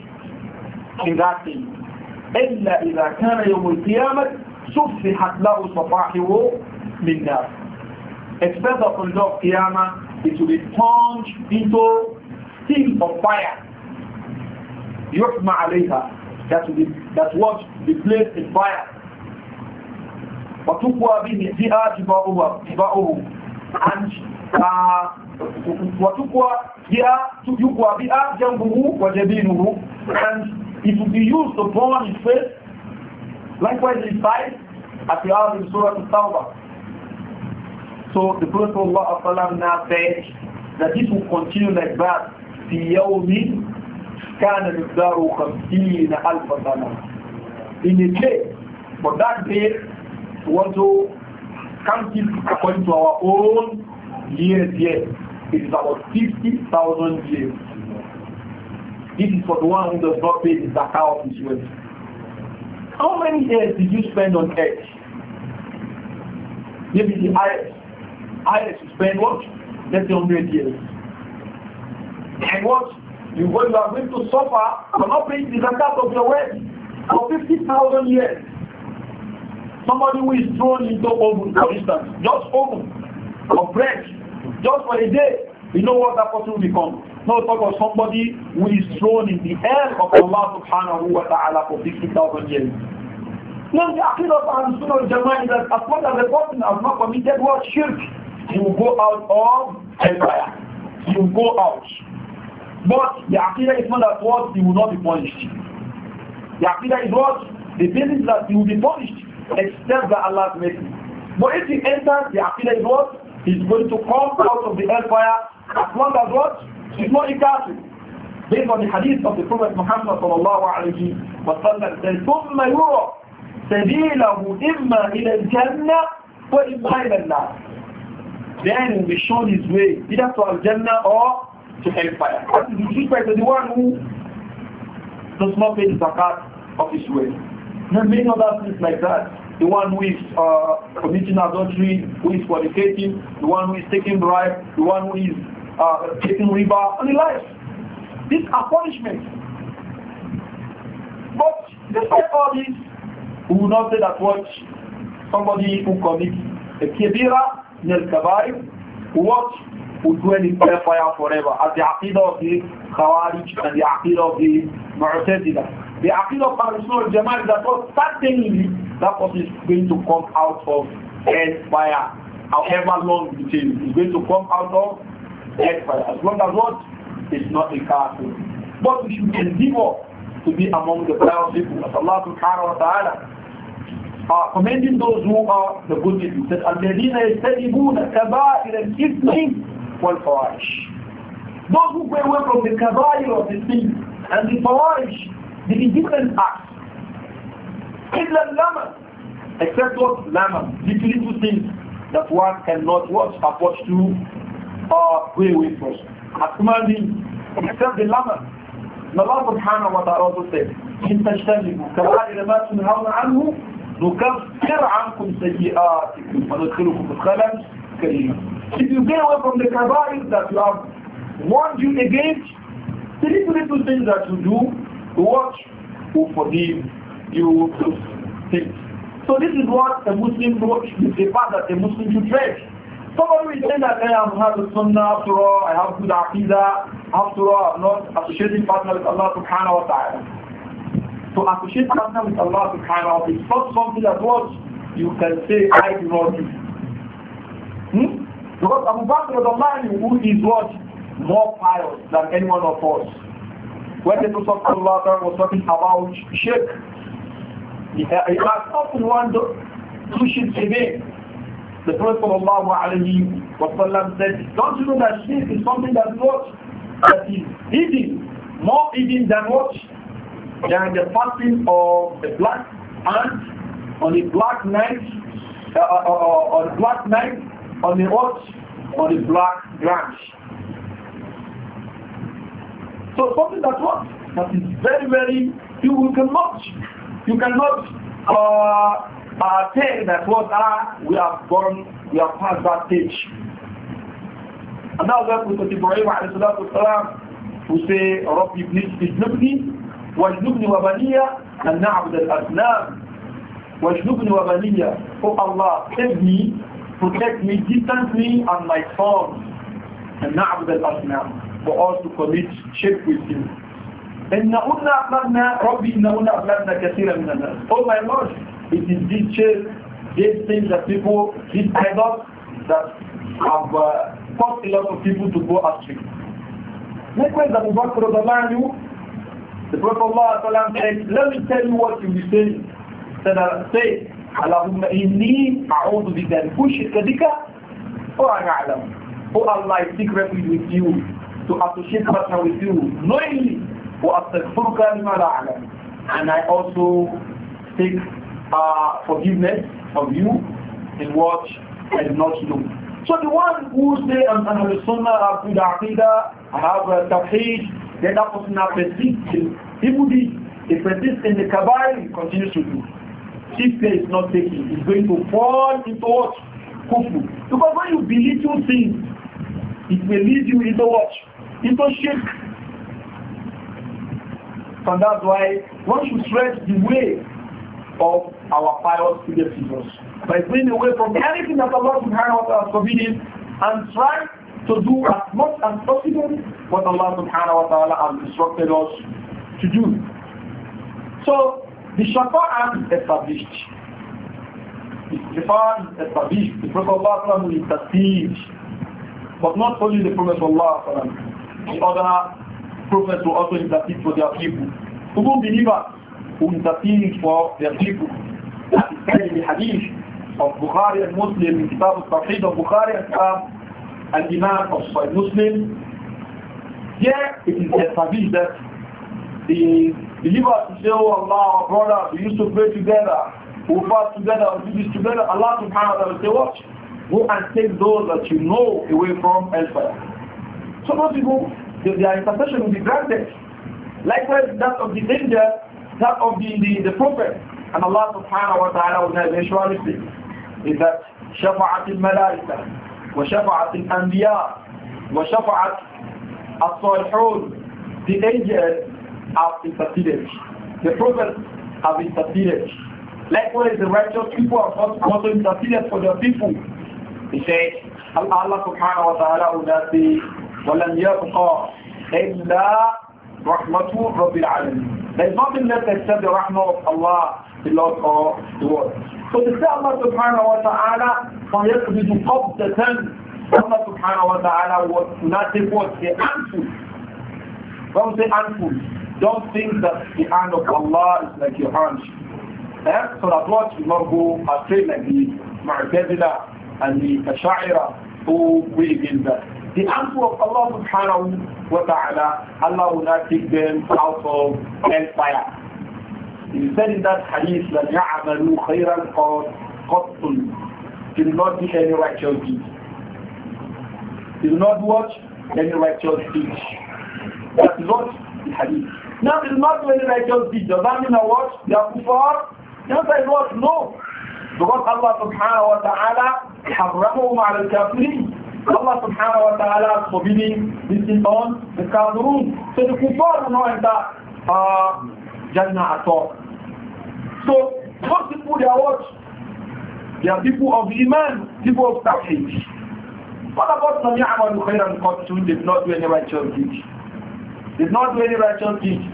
in that thing. إِلَّا إِذَا كَانَ يَوْمُ الْقِيَامَةِ سُفِّحَتْ لَهُ صَفَاحِهُ مِنْ نَارٍ Except upon the day of Qiyamah, it will be plunged into steel of fire yuhma alayha that that what the place in fire watukwa bihi fiha jibauhum and uh, watukwa biha yukwa biha jambuhu wa jabinuhu and it will be used upon his face likewise his side at the hour in surah al-tawbah so the prophet Allah now said that this will continue like that في Yawmi. كان مقداره خمسين ألف سنة in a day but that day was to count it according to our own years Yes, it is about 50,000 years this is for the one who does not pay the zakah of his wealth how many years did you spend on earth maybe the highest highest you spend what let's say 100 years and what you go, you are going to suffer for not paying the zakat of your wealth for 50,000 years. Somebody who is thrown into oven, for instance, just oven a bread, just for a day, you know what that person will become. No talk of somebody who is thrown in the air of Allah subhanahu wa ta'ala for 50,000 years. Now the Aqidah and Sunnah al is that as long as the person has not committed what shirk, he will go out of empire. He will go out. But the Aqidah is not that what he will not be punished. The Aqidah is what? The basis that he will be punished except by Allah's mercy. But if he enters the Aqidah is what? He's going to come out of the hellfire as long as what? He's not incarcerated. Based on the hadith of the Prophet Muhammad sallallahu alayhi wa sallam says, ثُمَّ يُرَى سبيله إما إلى الجنة وإما إلى النار. Then he will be shown his way either to Al-Jannah or to hellfire. That is the secret the one who does not pay the zakat of his wealth. There are many other things like that. The one who is uh, committing adultery, who is fornicating, the one who is taking bribe, the one who is uh, taking riba, and the like. These are punishments. But despite all this, we will not say that what somebody who commits a kibira, nel kabair, what will dwell in fire forever as the Aqidah of the Khawarij and the Aqidah of the Mu'tazila. The Aqidah of Al-Sunnah al-Jama'ah is that what certainly that person is going to come out of fire however long it is. He's going to come out of fire as long as what is not a castle. But we should endeavor to be among the proud people as Allah subhanahu wa ta'ala are commending those who are the good people. That الَّذِينَ يَجْتَنِبُونَ كَبَائِرَ الْإِثْمِ وَالْفَوَاحِشِ Those who go away from the kabair of the sin and the fawahish, the indifferent acts. إِلَّا lama, Except what? Lama, little little things that one cannot watch, approach to, or uh, go away from. As human beings, except the lama. And Allah subhanahu wa ta'ala also said, إِن تَجْتَنِبُوا كَبَائِرَ مَا تُنْهَوْنَ عَنْهُ نكفر عنكم سيئاتكم وندخلكم مدخلا كريما If you get away from the kabair that you have warned you against, the little little things that you do, watch, who forgive you those things. So this is what a Muslim watch is the path that a Muslim should tread. Somebody will say that I'm have a sunnah after all, I have good aqidah, after all I'm not associating partner with Allah subhanahu wa ta'ala. To associate partner with Allah subhanahu wa ta'ala It's not something that was you can say, I do not do. Hmm? Because Abu Bakr a man who is what? More pious than anyone of us. When the Prophet was talking about shirk, he asked often one who should remain. The Prophet said, Don't you know that shirk is something that what? That is hidden, more hidden than what? than the fasting of a black ant on a black night, uh, uh, uh, uh on a black night, on the what? On a black branch. So something that what? That is very, very, you cannot, you cannot uh, uh, tell that what ah, we have gone, we have passed that stage. And now that we Ibrahim alayhi salatu wasalam, who say, Rabbi, please, please, واجنبني وبني أن نعبد الأصنام واجنبني وبني أو الله save me, protect me, distance me and my son أن نعبد الأصنام for us to commit shirk with him إن أنا أبلغنا ربي إن أنا أبلغنا كثيرا من الناس Oh my Lord, it is this shirk, these things that people, these idols that have uh, caused a lot of people to go astray. Likewise, Abu Bakr, the man The Prophet ﷺ said, let me tell you what you will uh, say. Said, say, اللهم إني أعوذ بك أن أشرك بك وأنا أعلم. Oh Allah, I seek refuge with you, to associate partner with you, knowingly, وأستغفرك لما لا أعلم. And I also seek uh, forgiveness from you in what I do not know. So the one who say, and, and the sunnah, have good aqidah, have uh, tawheed, then that person now persists in even if he persists in the kabair he continues to do if there is not taking he's going to fall into what kufu because when you belittle things it may lead you into what into shirk and that's why one should stretch the way of our pious predecessors by going away from anything that Allah subhanahu wa ta'ala has forbidden and try to do as much as possible what Allah subhanahu wa ta'ala has instructed us to do. So the shafa'ah is established. The shafa'ah is established. The Prophet Allah will intercede. But not only the Prophet Allah, the other prophets will also intercede for their people. Who will believers who intercede for their people. That is said in the hadith of Bukhari and Muslim in Kitab al-Tawheed of Bukhari and Kitab the Imam of Sahih Muslim. Here it is established that the believers say, Oh Allah, our brother, we used to pray together, we fast together, we do this together. Allah subhanahu wa ta'ala will say, Watch, go and take those that you know away from hellfire. So those people, their intercession will be granted. Likewise, that of the angel, that of the, the, the prophet. And Allah subhanahu wa ta'ala will have assurances is that شفعت الملائكة وشفعت الأنبياء وشفعت الصالحون The angels have interceded. The prophets have interceded. Likewise, the righteous people have also interceded for their people. He said, Allah subhanahu wa ta'ala will وَلَنْ يَبْقَى إِلَّا رَحْمَةُ رَبِّ الْعَالَمِينَ There is nothing left except the rahmah of Allah, the Lord of the world. So to say Allah subhanahu wa ta'ala فيقبض قبضة Allah subhanahu wa ta'ala was not take what the handful. Don't say answer. Don't think that the hand of Allah is like your hand. Eh? So that what you not go astray like the Mu'tazila and the Ash'ira who believe in that. The answer of Allah subhanahu wa ta'ala, Allah will not take them out of hellfire. He said in that hadith, لَنْ يَعْمَلُوا خَيْرًا قَدْ He did not do any righteous deed. He did not watch any righteous deed. That is what the hadith. Now, he did not do any righteous deed. Does that mean I watch? the kufar? The answer is what? No. Because Allah subhanahu wa ta'ala حرمهم على الكافرين Allah subhanahu wa ta'ala is this thing on the kafirun. So the kuffar will not enter uh, Jannah at all. So, most people they are what? They are people of Iman, people of Tawheed. What about Sami Ahmad Khairan Qatun did not do any righteous deed? Did not do any righteous deed.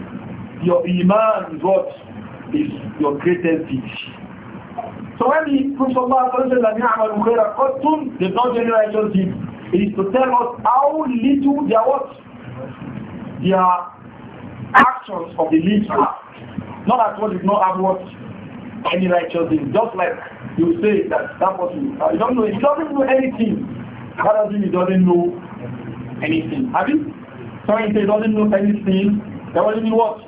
Your Iman is what? Is your greatest deed. So when the Prophet Sallallahu Alaihi Wasallam Ahmad Khairan Qatun did not do any righteous deed, it is to tell us how little their what? Their actions of the leaves are. Not that what did not have what? Any righteous deed. Just like you say that that person, uh, you don't know, he doesn't know anything. That doesn't he doesn't know anything. Have you? Sorry, he doesn't know anything. That doesn't mean what?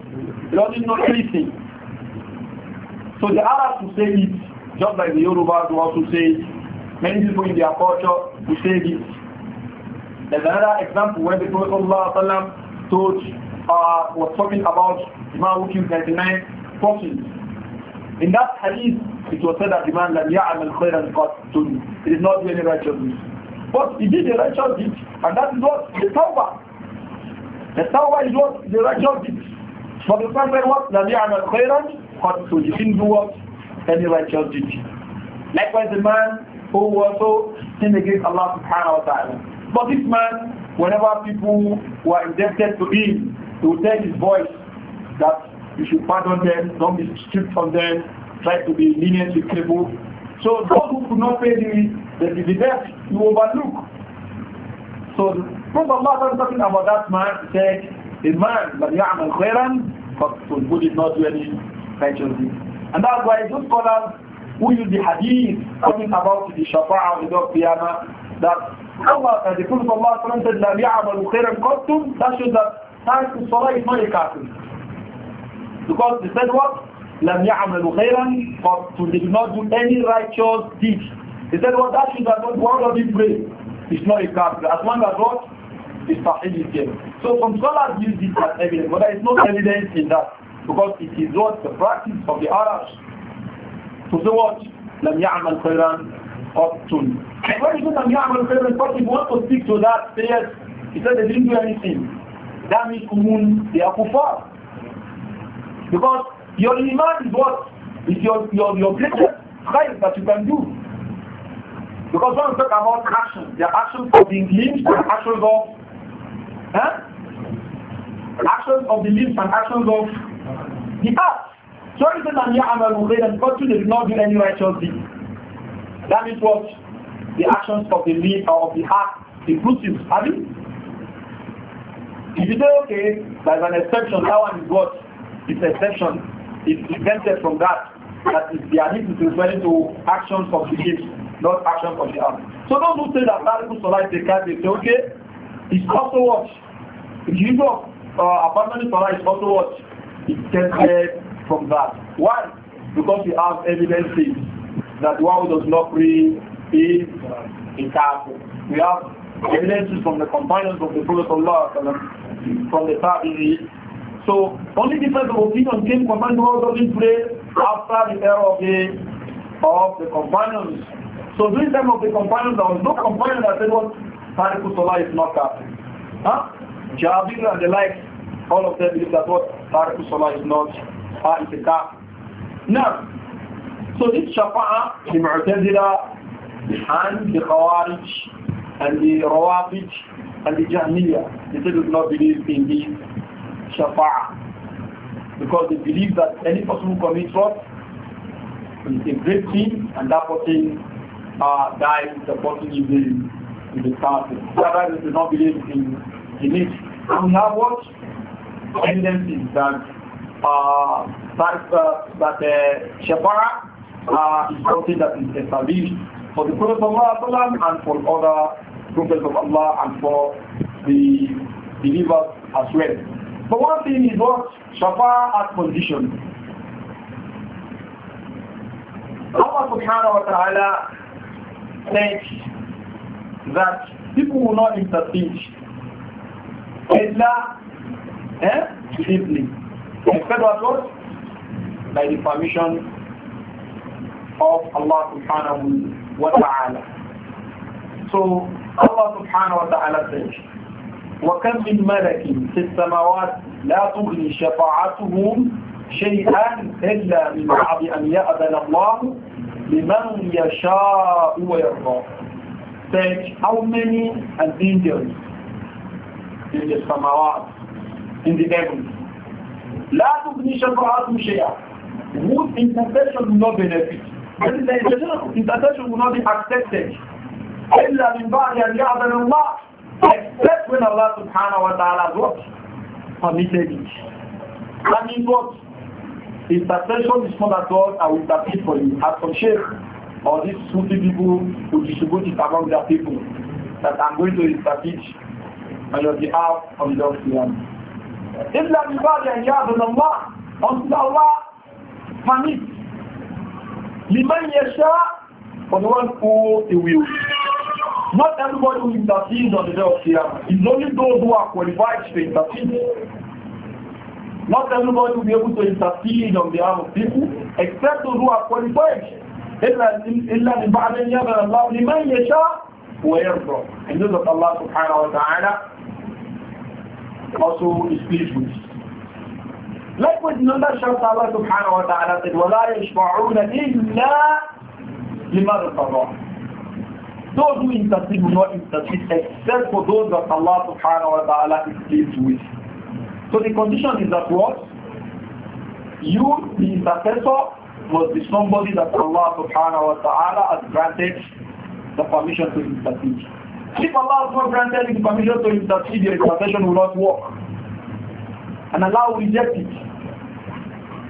He doesn't know anything. So the Arabs who say it, just like the Yorubas who also say it, many people in their culture who say this. There's another example when the Prophet ﷺ told, uh, was talking about the man who killed 99 persons In that hadith, it was said that the man lam ya'amal khairan qatun. He did not do any deeds. But he did a righteous deed, and that is what the tawbah. The tawbah is what the righteous deed. But the Prophet what? Lam ya'amal khairan qatun. He didn't do what? Any righteous deed. Likewise, the man who also sinned against Allah subhanahu wa ta'ala. But this man, whenever people were indebted to him, he would tell his voice that you should pardon them, don't be strict on them, try to be lenient with people. So those who could not pay the, the, the debt, you overlook. So Prophet Allah talking about that man said, a man that ya'mal khairan, but who did not do any righteous deed. And that's why those scholars who use the hadith talking about the shafa'a of the dog qiyamah, that Allah, uh, the Prophet Allah said, لَا يَعْمَلُ خَيْرًا قَدْتُمْ That shows that time to salah is not a kafir. Because he said what? لَمْ يَعْمَلُ خَيْرًا But they did not do any righteous deed. He said what? That should not one of his pray. It's not a kafir. As long as what? It's tahid So some scholars use this as evidence, but there is no evidence in that. Because it is what the practice of the Arabs. To so say what? لَمْ يَعْمَلْ خَيْرًا opportune. And when you go to Yaman Federal Court, if you want to speak to that, say yes, he said they didn't do anything. That means Kumun, they are kufar. Because your iman is what? Is your, your, your greatest strength that you can do. Because when we talk about actions, the actions of the limbs and actions of huh? actions of the limbs and actions of the heart. So it says an ya'amalu ghayran qatl did not do any righteous deed. That is what the actions of the limbs or of the heart inclusive, have you? If you say, okay, there's an exception, that one is what? a section. It's exempted from that. That is the hadith is referring to actions of the lips, not actions of the heart. So those who say that Tariqul Salah is a cat, they say, okay, it's also what? The issue of uh, abandoning Salah is also what? It's exempted from that. Why? Because we have evidences that one who does not breathe is a We have evidences from the companions of the Prophet Allah, from the Tabi'i, so only difference of opinion came from man who doesn't pray after the era of the of the companions. So during time of the companions, there was no companion that said what Tariq Salah is not Kafir. Huh? Jabir and the like, all of them believe that what Tariq Salah is not uh, is a Kafir. Now, so this Shafa'a, the Mu'tazila, and the Khawarij, and the Rawafij, and the Jahmiyyah, they said do not believe in these shafa'a. Because they believe that any person who commits is a great sin and that person uh, dies, the person is in, in the castle. Otherwise, they do not believe in, in it. And now, what? Evidence is that uh, that, uh, that uh, shafa'a uh, is something that is established for the Prophet of Allah and for other prophets of Allah and for the believers as well. But one thing is what shafaat at condition. Allah subhanahu wa ta'ala said that people will not intercede illa eh, simply. Except what was? By the permission of Allah subhanahu wa ta'ala. So Allah subhanahu wa ta'ala says, وكم من ملك في السماوات لا تغني شفاعتهم شيئا إلا من بعد أن يأذن الله لمن يشاء ويرضى Such how many an angels in the samawat, in the heavens. لا تغني شفاعتهم شيئا whose intercession will not benefit. That the intercession will not be accepted. إلا من بعد أن يأذن الله Except when Allah subhanahu wa ta'ala has what? Permitted it. That means what? If Intercession is not at all, I will intercede for you. As for Sheikh, or these Sufi people who distribute it among their people, that I'm going to intercede on your behalf on the Qiyam. Islam is bad and yad on Allah, until Allah permits. Liman yasha, for the one who he wills. Not everybody who intercedes on the day of Qiyamah. It's only those who are qualified to intercede. Not everybody will be able to intercede on behalf of people, except those who are qualified. إلا من بعد أن يبلغ الله لمن يشاء ويرضى. And this is Allah subhanahu wa ta'ala also is pleased with. Like with another shout Allah subhanahu wa ta'ala said, وَلَا يَشْفَعُونَ إِلَّا لِمَنْ ارْتَضَى Those who intercede will not intercede except for those that Allah subhanahu wa ta'ala is pleased with. So the condition is that what? You, the intercessor, must be somebody that Allah subhanahu wa ta'ala has granted the permission to intercede. If Allah has not granted the permission to intercede, your intercession will not work. And Allah will reject it.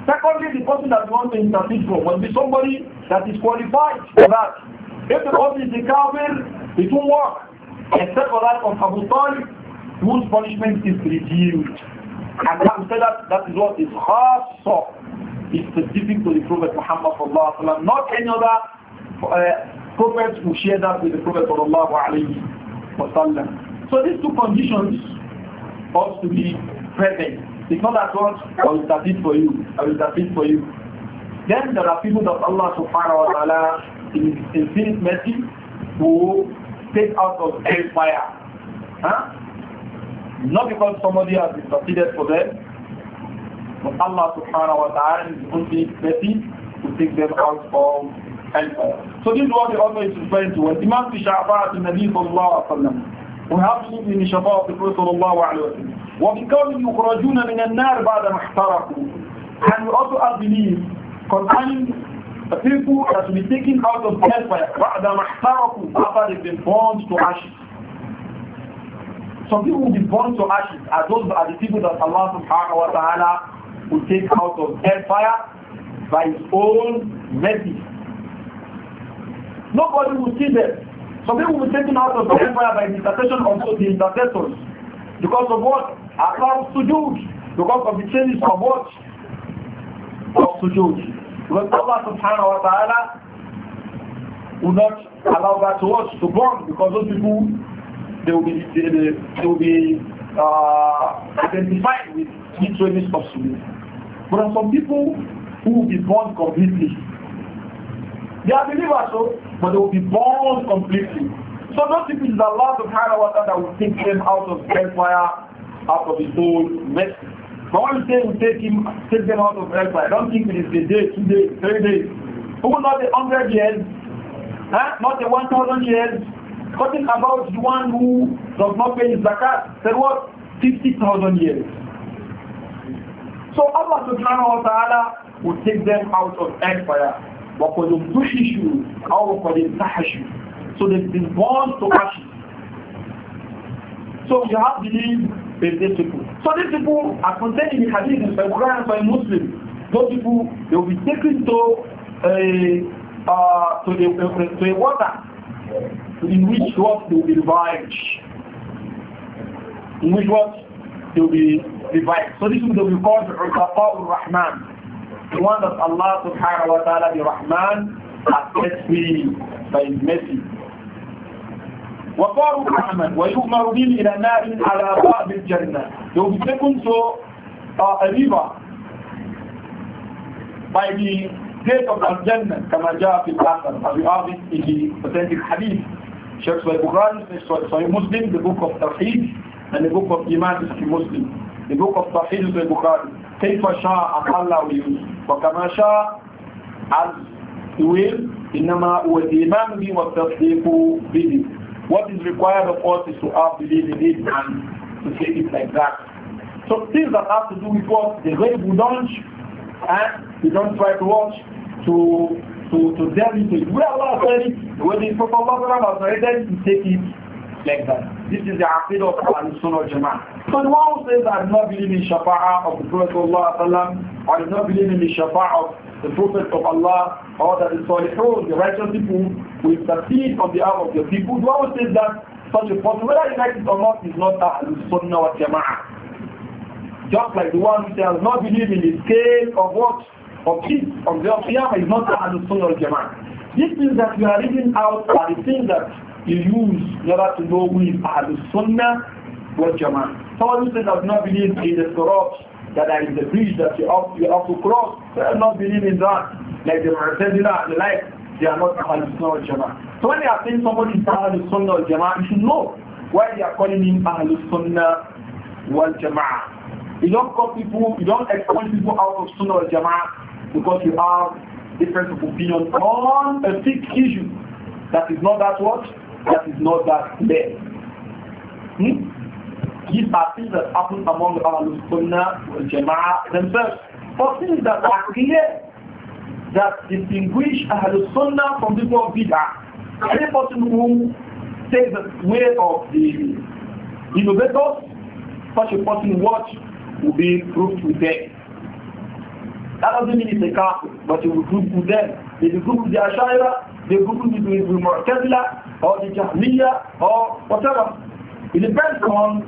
Secondly, the person that wants to intercede for must be somebody that is qualified for that. If the Prophet is a kafir, it won't work. Except for that of Abu Talib, whose punishment is reduced. And Islam said that that is what is khasa. It's specific to the Prophet Muhammad Not any other uh, prophet who share that with the Prophet sallallahu alaihi wasallam. So these two conditions ought to be present. It's not that God I will it for you. I will it for you. Then there are people that Allah subhanahu wa ta'ala in infinite mercy to take out of hellfire, Huh? Not because somebody has been succeeded for them, but Allah subhanahu wa ta'ala in His infinite mercy to take them out of hellfire. So this is what the author is referring to. Imam fi shafa'at al-Nabi sallallahu alayhi wa sallam. We have to in shafa'at the Prophet sallallahu alayhi wa sallam. وبقول يخرجون من النار بعد ما احترقوا. And we also have believed concerning the people that will be taken out of hellfire, after they've been burned to ashes. Some people will be burned to ashes are those are the people that Allah subhanahu wa ta'ala will take out of hellfire by his own mercy. Nobody will see them. Some people will be taken out of hellfire by the intercession of the intercessors. Because of what? to do, Because of the changes of what? sujud. Because Allah subhanahu wa ta'ala will not allow that to us to burn because those people, they will be, they, they will be uh, identified with literalness of sujud. But there are some people who will be born completely. They are believers, so, but they will be born completely. So not if it is Allah subhanahu wa ta'ala will take them out of hellfire, out of his own mercy. Paul say will take him, take them out of hellfire. I don't think it is a day, two days, three days. Who will not the hundred years? Huh? Not the one thousand years. Talking about the one who does not pay his zakat. there what? Fifty thousand years. So Allah subhanahu wa ta'ala will take them out of hellfire. وَقَدْ تُحِشُوا for the تَحَشُوا So they've been born to ashes. So you have believed with people. So these people are contained in the Hadith in the Quran by Muslims. Those people, they will be taken to a, uh, to, the, uh, to a water in which what they will be revived. In which what they will be revived. So this is what we call Uqaqa'ur Rahman. The one that Allah subhanahu wa ta'ala, the Rahman, has set free by his mercy. وقالوا محمد ويؤمر بهم الى نار على باب الجنه لو كنت قريبا بايدي تيتم الجنة كما جاء في الآخر أبي آغد في فتنة الحديث شيخ صلى الله عليه وسلم صلى الله عليه the book of Tawheed and the book of Iman is the Muslim the book كيف شاء أقل وكما شاء as he إنما هو الإيمان به والتصديق به What is required of us is to have belief in it and to say it like that. So things that have to do with what the way we don't and eh, we don't try to watch to to to delve into it. We Where Allah said it, when the Prophet has narrated, take it like that. This is the aqidah of Al-Sunnah Jama'ah. So one who says, I do not believe in Shafa'ah of the Prophet of Allah, I do not believe in the Shafa'ah of the Prophet of Allah, or that the Salihun, the righteous people, will succeed on behalf of the people. one who says that such a person, whether he likes it or not, is not Al-Sunnah wa Jama'ah. Just like the one who says not believe in the scale of what? Of peace, of the Qiyamah, is not Al-Sunnah wa Jama'ah. These things that we are reading out are the things that you use never to know who is Ahlul Sunnah wal Jama'ah. Someone who says, I do not believe in the Sirat, that there is the bridge that you have, you have to cross, they do not believe in that. Like the Mu'tazila and the like, they are not Ahlul Sunnah wal Jama'ah. So when they are saying somebody is Ahlul Sunnah wal Jama'ah, you should know why they are calling him Ahlul Sunnah wal Jama'ah. You don't call people, you don't expose people out of Sunnah wal Jama'ah because you have different of opinion on a big issue that is not that what that is not that clear. Hmm? These are things that happen among our Sunnah wal Jama'ah themselves. for things that are clear that distinguish Ahlul Sunnah from people of Bid'ah. Any person who says the way of the innovators, such a person what will be grouped with them. That doesn't mean it's a castle, but it will group with them. If will group with the Ashaira, the guru will be the Mu'tazila or the Jahmiya or whatever. It depends on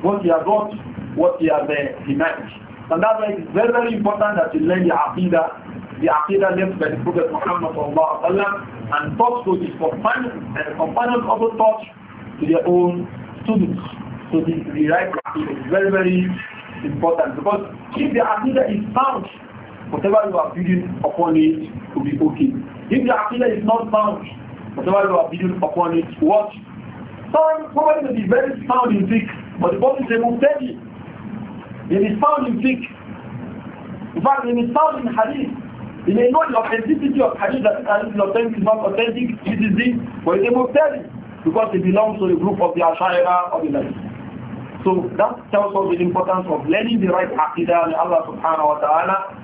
what they have got, what they have the uh, denied. And that's why it's very, very important that you learn the Aqidah, the Aqidah left by the Prophet Muhammad and taught to his companions, and the companions also taught to their own students. So the, the right Aqidah is very, very important because if the Aqidah is found whatever you are building upon it will be okay. If the Aqidah is not sound, whatever you are building upon it, what? Some probably may be very sound in thick, but the body is Mubtadi. It is sound in thick. In fact, it is sound in Hadith. You may know the authenticity of Hadith that Hadith is authentic, is not authentic, it is is this, but it is Mubtadi because it belongs to the group of the Ashaira or the like. So that tells us the importance of learning the right Aqidah and Allah subhanahu wa ta'ala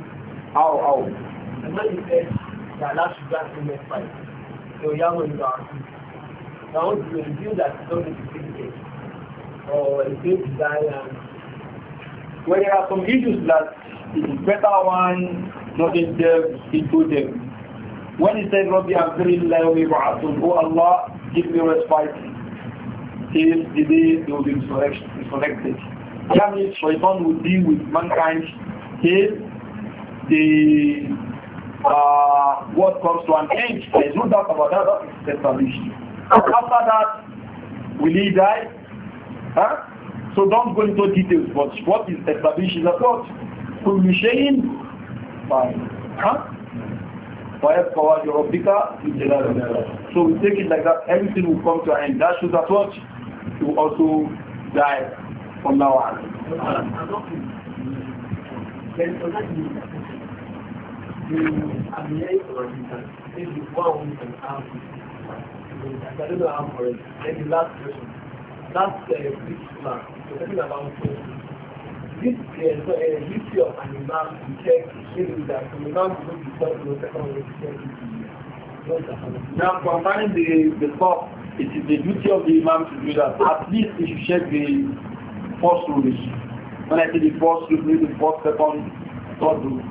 How, how? And when he said that last should grant him next fight, so young one is Now, what do you do that don't need to take it? Or the same design Well, there are some issues that it is better one not in depth into them. When he said, Rabbi Abdullah wa Oh Allah, give me respite till the day they will be resurrected. That means Shaitan will deal with mankind till the uh, what comes to an end. There's no doubt about that. That is established. After that, will he die? Huh? So don't go into details, but what is established is that what? كل شيء fine. Huh? So we take it like that, everything will come to an end. That shows that what? You also die from now on. I don't know how for it. Then the last question. Last uh, big plan. We're talking about this. this uh, so, uh, history of an imam to check meaning that an imam will be taught to second way to check now concerning the the top, it is the duty of the imam to do that. At least he should check the first rules. When I say the first rule, the first, second, third rule.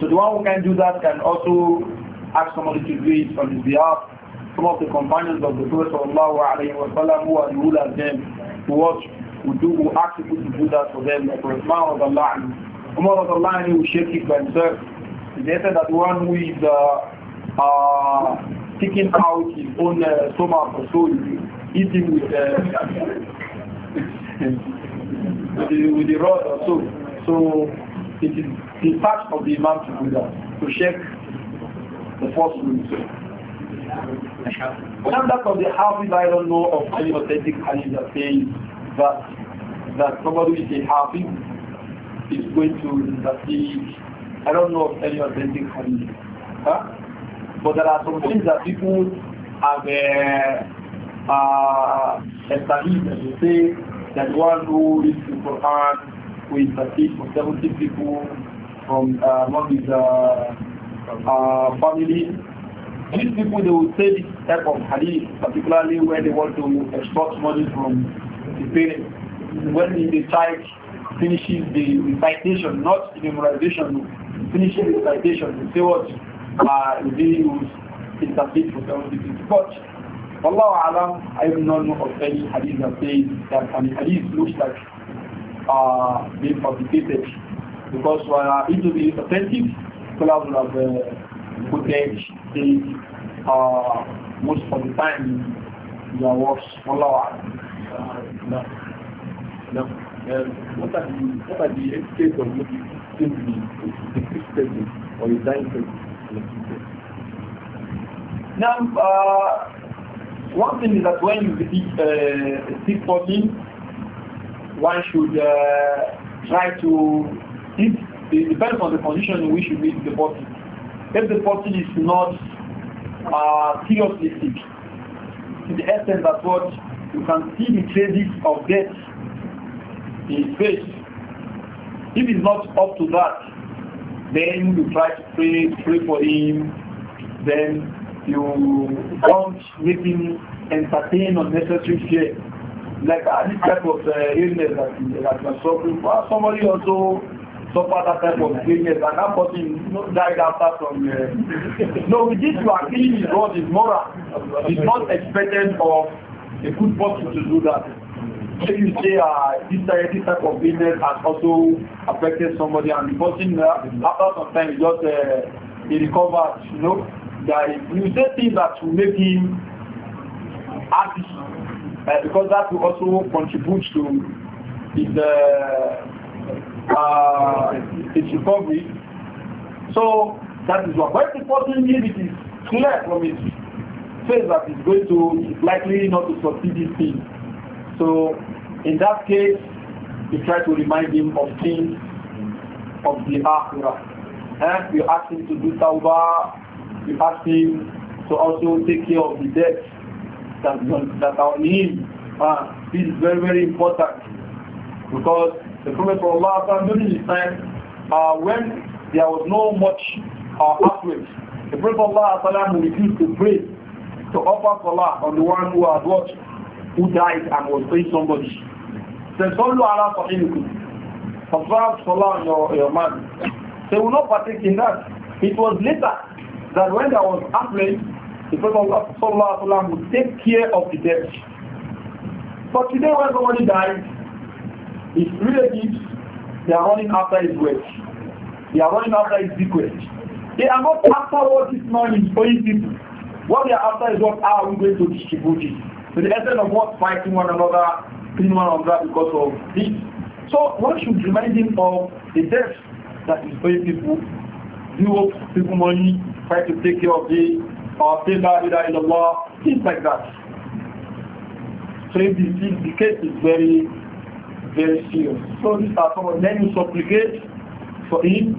So the one who can do that can also ask somebody to do it on his behalf. Some of the companions of the Prophet وسلم, who are the rulers then, who watch, who do, who ask people to do that for them, like Rahman of Allah. Umar of Allah who shake it by himself. They said that one who is uh, uh, taking out his own uh, stomach or soul, eating with, uh, [laughs] with, the, with the rod or so. So it is the part of the Imam to do that, to check the first rules. And that of the Hafiz, I don't know of any authentic hadith that says that, that somebody is a Hafiz is going to intercede. I don't know of any authentic hadith. Huh? But there are some things that people have uh, uh, established and they say that one who reads the Quran who is intercede for 70 people from among uh, his uh, uh, family. These people, they would say this type of hadith, particularly when they want to extort money from the parents. When the child finishes the recitation, not the memorization, finishing the recitation, they say what uh, ah, they use interpret for some people. But Allah Alam, I do not know of any hadith that says that an hadith looks like uh, being fabricated. Because we are will be authentic, scholars would have uh, they are uh, most of the time the their works. Allah uh, no. No. Um, what are the what are the escapes of looking simply the Christian or the dying Now uh, one thing is that when you visit uh, sick person, one should uh, try to it depends on the condition in which you meet the person. If the person is not uh, seriously sick, in the essence that what you can see the traces of death in his face. If it's not up to that, then you try to pray, pray for him, then you don't make him entertain unnecessary fear. Like uh, this type of uh, illness that, that you are suffering for. Somebody also some other type of business, and that person died after from. Uh, no, we this, you are killing his God, moral. It's not expected of a good person to do that. So you say uh, this, type, this type of business has also affected somebody, and the person uh, after some time he just uh, he recovered. You know, that you say things that will make him happy, uh, because that will also contribute to his. Uh, uh, its recovery. So that is what. But the person if it is clear from his face that it's going to it's likely not to succeed this thing. So in that case, we try to remind him of things of the akhirah. And eh? we ask him to do tawbah. We ask him to also take care of the debt that, that are on him. Uh, this is very, very important because the Prophet ﷺ during his time, uh, when there was no much uh, affluence, the Prophet Allah ﷺ refused to pray to offer salah on the one who had what? Who died and was praying somebody. Then Sallu ala sahibikum. Observe salah on your, your man. They will not partake in that. It was later that when there was affluence, the Prophet Allah ﷺ would take care of the dead. But today when somebody dies, His relatives, they are running after his wealth. They are running after his bequest. They are not after what this man is owing people. What they are after is what are we going to distribute it. So the essence of what fighting one another, killing one another because of this. So one should remind him of the death that is paying people, due up people money, try to take care of it, or pay la the illallah, things like that. So if the, if the case is very very serious. So these are some of them who supplicate for him.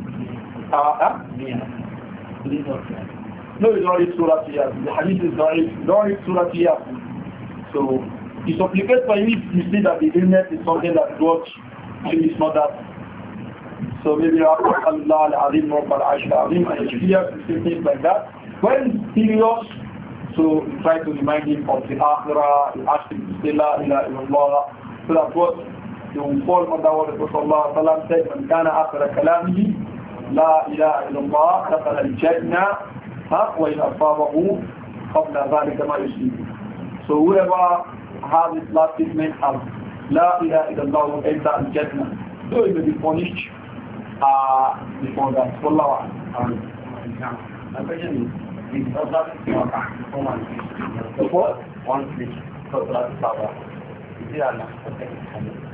Uh, Yeah. No, it's don't read Surah Yasin. The hadith is not in, Don't Surah Yasin. So you supplicate for him you see that the illness is something that God maybe it's not that. So maybe Allah al-Azim, Rabb al-Aish al-Azim, and you things like that. When serious, so try to remind him of the Akhirah, the Ashtim, Bismillah, Ilah, Ilah, so that what ينقل من دعوة الرسول صلى الله عليه وسلم سيد من كان آخر كلامه لا إله إلا الله دخل الجنة وإن أصابه قبل ذلك ما يصيبه So whoever has this last statement of La ilaha illallah will enter Jannah. So he will be punished uh, before that. Wallahu a'lam. My question is, is Salat Sabah, before one sleep, Salat Sabah, is it an accepted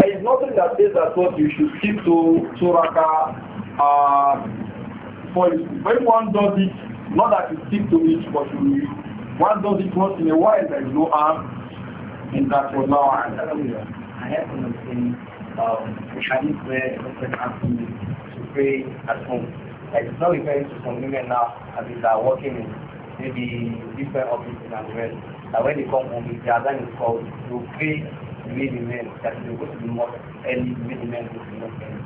There is nothing that says that what you should stick to two raka uh, for when one does it, not that you stick to it, but you, one does it once in a while, there is no harm in that for now. I have um, to saying, um, Chinese where a person asking me to pray at home. Like it's not referring to some women now as if they are working in maybe different offices and the rest. That when they come home, if their time is called, they pray men that we go to the mosque early, middlemen go to the mosque early.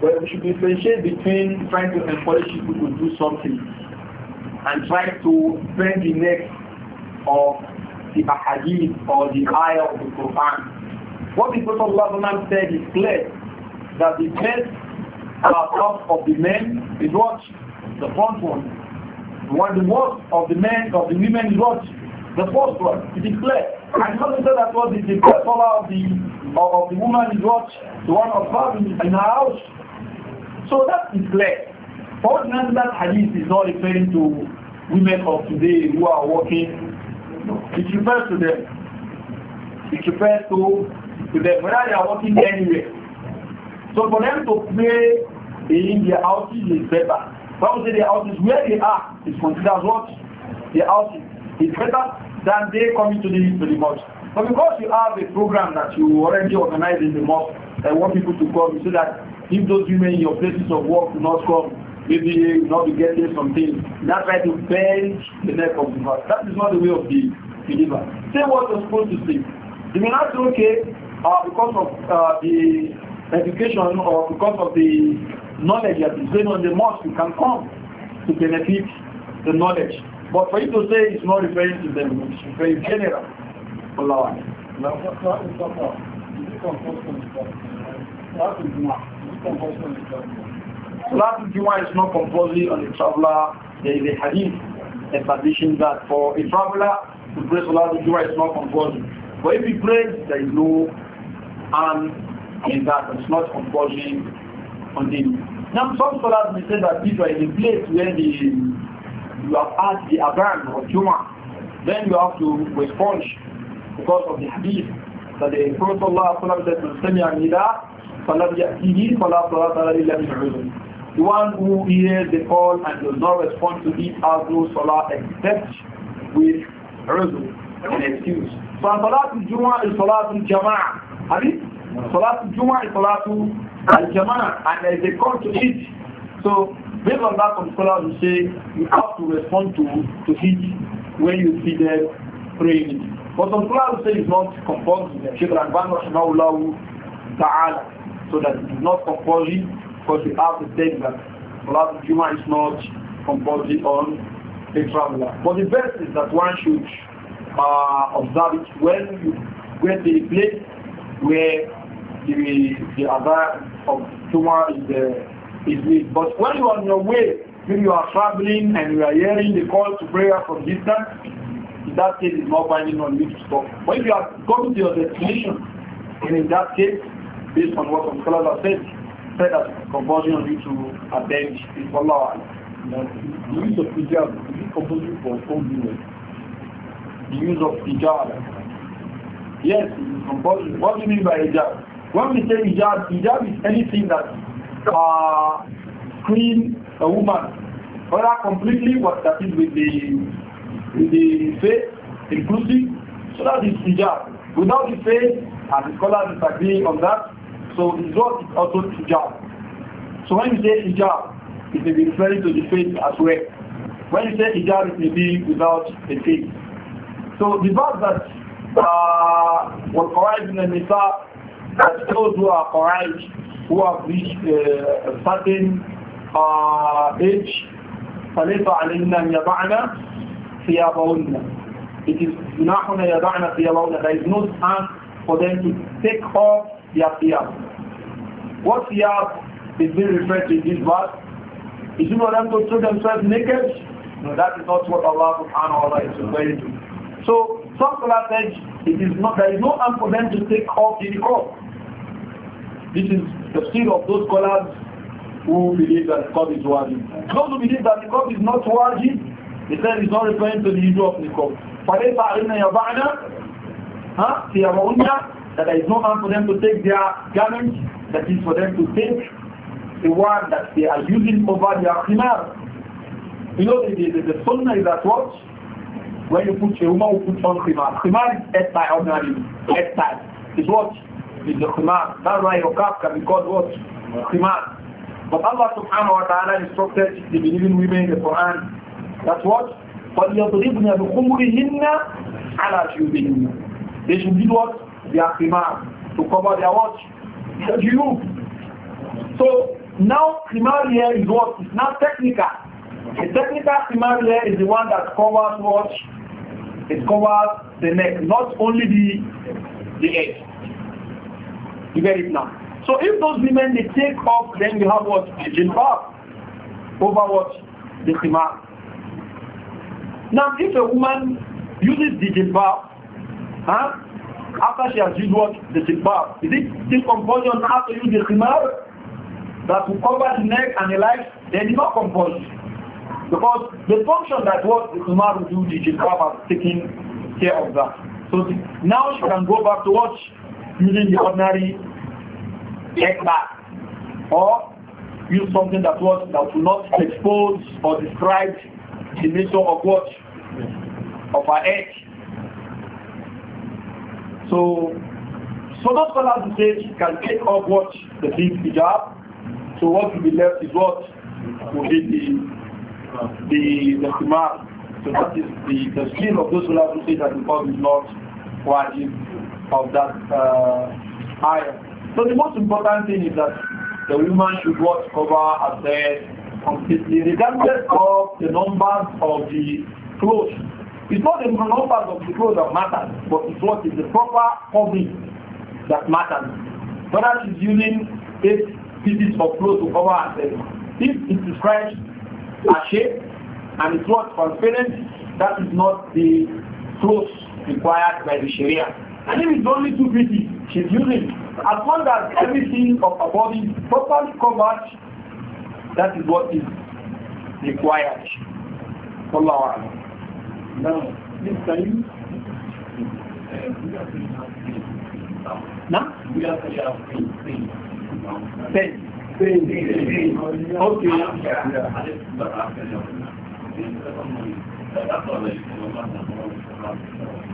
So, well, we should differentiate between trying to encourage people to do something and trying to bend the neck of the ahadith or the ayah of the Quran. What the Prophet said is clear that the best part of the men is what? The front one. What the worst of the men, of the women is what? The first one, it is clear. And not said that was the first of the of, the woman is what the one observed in, in her house. So that is clear. For that hadith is not referring to women of today who are working. No. It refers to them. It refers to, to them whether they are working anyway. So for them to play in their houses is better. Some say their houses where they are is considered what? Their houses. It's better than they coming to the, to the mosque. But because you have a program that you already organize in the mosque, I want people to come so that if those women in your places of work do not come, maybe you will not be getting something. That's why to bend the neck of the heart. That is not the way of the believer. Say what you're supposed to say. You may not say, okay, uh, because of uh, the education or because of the knowledge that is going on the mosque, you can come to benefit the knowledge. But for you to say it's not referring to them, it's referring general. Allah. Now, Salat al-Jumu'ah is not composing on the traveler. There is a hadith establishing that for a traveler to pray Salat al-Jumu'ah is not composing. But if he prays, there is no harm in that. It's not composing on him. Now some scholars may say that if you are in a place where the you have asked the Aban or Juma, then you have to respond because of the hadith that the Prophet ﷺ said, "Man sami'a nida, فَلَمْ يَأْتِهِ فَلَا صَلَاةَ إِلَّا مِنْ عُذْرٍ The one who hears the call and does not respond to it has no salah except with uzr, an excuse. So salatul Jumu'ah is salatul Jama'ah. Have you? Salatul Jumu'ah is salatul al-Jama'ah and there's a call to it. So Based on that, some scholars will say you have to respond to, to it when you see them praying. But some scholars will say it's not compulsory. Sheikh Rangban Rahimahullah Ta'ala. So that it is not compulsory because you have to take that. Salat Juma is not compulsory on a traveler. But the best is that one should uh, observe it when you get to the place where the, the other of Juma is the is late. But when you are on your way, when you are traveling and you are hearing the call to prayer from distance, that case is not binding on you to stop. But if you are going to your destination, and in that case, based on what some scholars have said, said that compulsion on you to attend is Allah. The use of hijab is compulsory for all women. The use of hijab. Yes, it is compulsory. What do you mean by hijab? When we say hijab, hijab is anything that uh, clean a woman, whether completely what that is with the with the face, inclusive, so that is hijab. Without the face and the scholars disagree on that, so the result is also hijab. So when you say hijab, it may be referring to the face as well. When you say hijab, it may be without the face. So the verse that uh, was Quraysh in the Nisa, that those who are Quraysh, who have reached uh, a certain uh, age, فَلَيْسَ عَلَيْنَا أَنْ يَضَعْنَا ثِيَابَهُنَّ It is جُنَاحُنَا يَضَعْنَا ثِيَابَهُنَّ There is no chance for them to take off their thiyab. What thiyab is being referred to in this verse? Is it for them to throw themselves naked? No, that is not what Allah subhanahu wa ta'ala is referring to. So, some scholars said it is not, there is no harm for them to take off the clothes. This is the seal of those scholars who believe that the cup is worthy. Those who believe that the cup is not worthy, they say it's not referring to the issue of the cup. فَلَيْسَ عَلِنَا يَضَعْنَا ثِيَابَهُنَّ That there is no man for them to take their garments, that is for them to take the one that they are using over their khimar. You know, the, the, the the sunnah is at what? When you put your woman, you put on khimar. Khimar is head tie ordinarily. Head tie. It's what? is the khimar. That's why your calf can be called what? Khimar. But Allah subhanahu wa ta'ala instructed the believing women in the Quran. That's what? فَلْيَضْرِبْنَ بِخُمُرِهِنَّ عَلَى جُيُوبِهِنَّ They should do what? Their khimar. To cover their what? Their juyub. So now khimar here is what? It's not technical. The technical khimar here is the one that covers what? It covers the neck, not only the the head. You get it now? So if those women they take off, then you have what? The jilbab over what? The khimar. Now if a woman uses the jilbab, huh? after she has used what? The jilbab, is it this after now use the khimar that will cover the neck and the legs? Then it's not compulsory. Because the function that what the khimar will do, the jilbab has taken care of that. So now she can go back to what? using the ordinary egg bag or use something that was that will not expose or describe the nature of what of our egg. So so those scholars who say she can take off what the big hijab, so what will be left is what will be the the the khimar. So that is the, the skin of those who have to say that the is not wajib of that uh, ayah. So the most important thing is that the woman should watch cover her head completely, regardless of the numbers of the clothes. It's not the numbers of the clothes that matters, but it's what is the proper covering that matters. Whether she's using eight pieces of clothes to cover head, If it describes a shape and it's not transparent, that is not the clothes required by the Sharia. And if it's only two pieces, she's using. As long as everything of her body is properly covered, that is what is required. Allah Now, this time, now? We are Okay.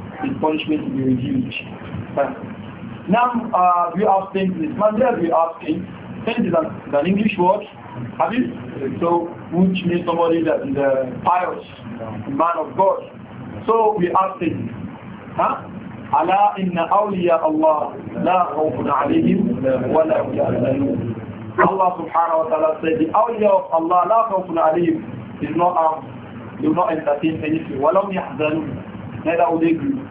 the punishment will be reviewed. now, uh, we are saying this. Mandela, we are saying, since is an, an English word, have you? So, which means somebody that is a pious, a man of God. So, we are saying, huh? ألا إن أولياء الله لا خوف عليهم ولا هم Allah subhanahu wa ta'ala said, the awliya of Allah, la khawfun alayhim, is not armed, do not entertain anything, walam yahzanun. Neither will they agree.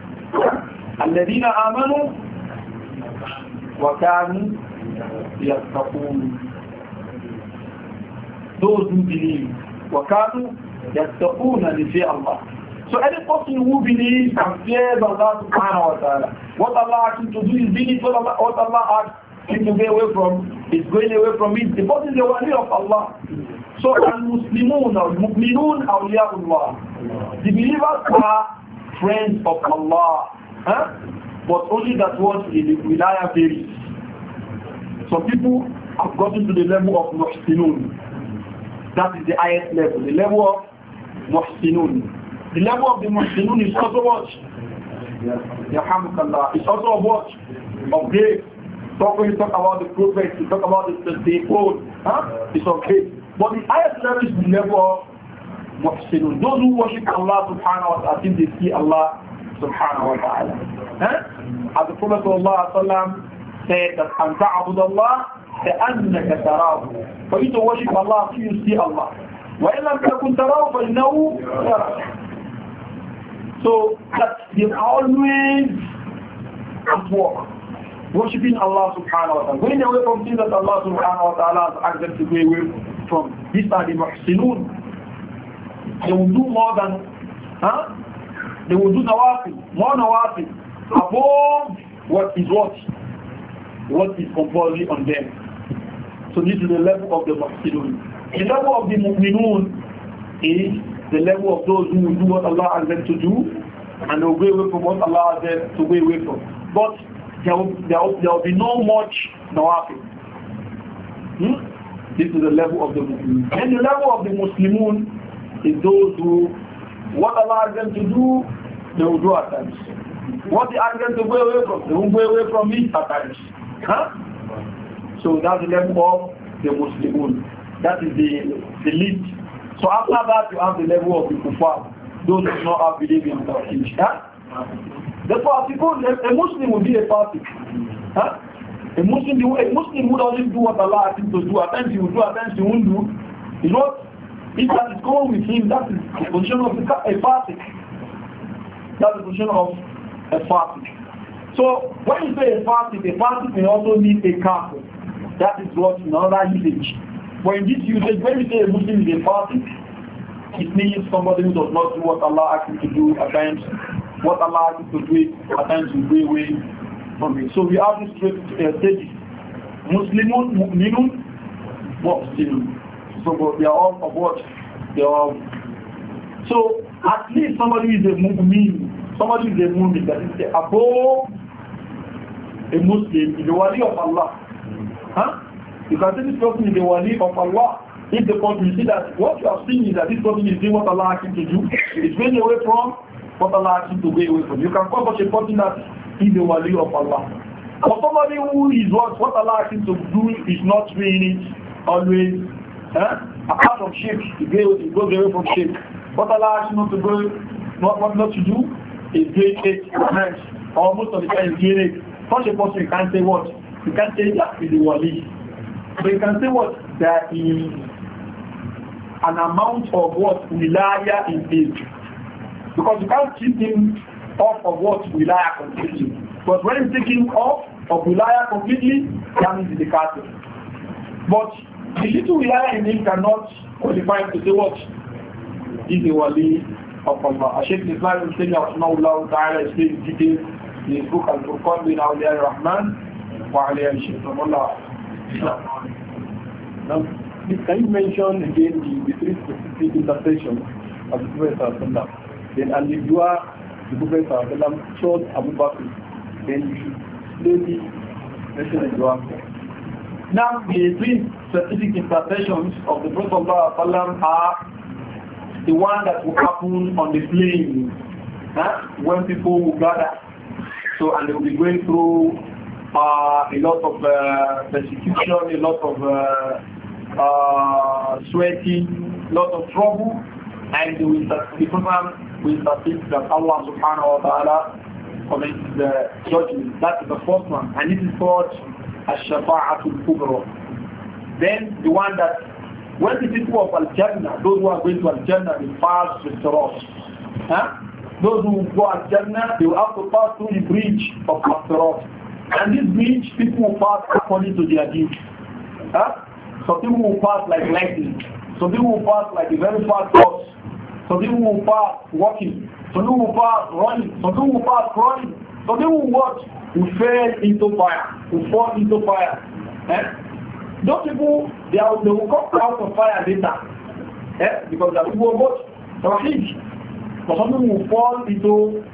الذين آمنوا وكانوا يتقون Those who believe وكانوا يتقون لفي الله So any person who believes and fears Allah subhanahu wa ta'ala, what Allah asks him to do is being what Allah, asks him to get away from, is going away from it. The person is the wali of Allah. So al-Muslimun or Mu'minun awliya Allah. The believers are friends of Allah. Huh? But only that what is wilaya varies. Some people have gotten to the level of muhsinun. That is the highest level, the level of muhsinun. The level of the muhsinun is also what? Yahamukallah. It's also a what? Of grace. Talk when you talk about the prophet, you talk about the, the, the code. Huh? It's okay. But the highest level is the level of muhsinun. Those who worship Allah subhanahu wa ta'ala, think they see Allah subhanahu wa ta'ala. Huh? As the Prophet sallallahu alayhi wa said that, أَنْ تَعْبُدَ اللَّهِ كَأَنَّكَ تَرَاهُ For you to worship Allah, so you see Allah. وَإِنْ لَمْ تَكُنْ تَرَاهُ فَإِنَّهُ So that they always at work, worshipping Allah subhanahu wa ta'ala. Going away from things that Allah subhanahu wa ta'ala has asked them to go away from. These are the muhsinun, they will do more than, huh? They will do nawafi, more nawafi, above what is what? What is compulsory on them. So this is the level of the Mahsidun. The level of the Mu'minun is the level of those who do what Allah has them to do and will away from what Allah has them to go away from. But there will, there will, there will be no much nawafi. Hmm? This is the level of the Mu'minun. And the level of the Muslimun is those who, what Allah asked them to do, they will do at times. What He asked them to go away from, they won't go away from it at times. Huh? So that's the level of the Muslimun. That is the, the lead. So after that, you have the level of the Kufar. Those who do not have belief in Tawheed. Huh? The particle, a Muslim would be a particle. Huh? A Muslim, a Muslim would only do what Allah asked him to do, at times he will do, at times he won't do. You know, if that is going with him, that is the position of a fasik. That is the position of a fasik. So when you say a fasik, a fasik may also mean a kafir. That is what in another usage. But in this usage, when you say a Muslim is a fasik, it means somebody who does not do what Allah asked him to do at times, what Allah asked him to do at times will go away from it. So we have this straight uh, stages. Muslimun, mu'minun, mu'minun. So they are all of what? They are So at least somebody is a mu'min. Somebody is a mu'min. That is the above a Muslim the wali of Allah. Huh? You can say this person is the wali of Allah. If the person you see that what you have seen is that this person is doing what Allah asked him to do, it's going away from what Allah asked him to go away from. You can call such a person that he's the wali of Allah. But somebody who is what, what Allah asked him to do is not doing it always Huh? Eh? Apart from shirk, you go, you go away from sheep. What Allah asks not to go, not, what not to do, is doing it hands, or most of the time is doing it. Such a person, can't say what? You can't say that is a wali. But you can say what? That is an amount of what wilaya is big. Because you can't keep him off of what wilaya completely. But when you take him off of wilaya completely, that means the castle. But the little we are in him cannot qualify to say what? He's wali of Allah. Sheikh Islam will say Rahmanullah Ta'ala is saying detail in book Al-Furqan bin Awliya Rahman wa Aliya Shaykh Allah. Now, can you mention again the, the three specific of the Prophet Then and the dua the Prophet showed Abu Bakr. Then you should slowly mention the dua. Now, the three specific interpretations of the Prophet Allah are the one that will happen on the plain, huh? when people will gather. So, and they will be going through uh, a lot of uh, persecution, a lot of uh, uh sweating, a lot of trouble, and they will, the Prophet will insist that Allah subhanahu wa ta'ala commits the judgment. That is the first one. And this is called Ash-Shafa'atul Then the one that, when the people of Al-Jannah, those who are going to Al-Jannah will pass the rock. Huh? Those who go Al-Jannah, they will have to pass through the bridge of al And this bridge, people will pass according to their deeds. Huh? Some people will pass like lightning. Some people will pass like a very fast horse. Some people will pass walking. Some people will pass running. Some people will pass crawling. So people will watch who fell into fire, who fall into fire. Eh? Those people, they, are, they will come out of fire later. Eh? Because they are people about Tawheed. But some people will fall into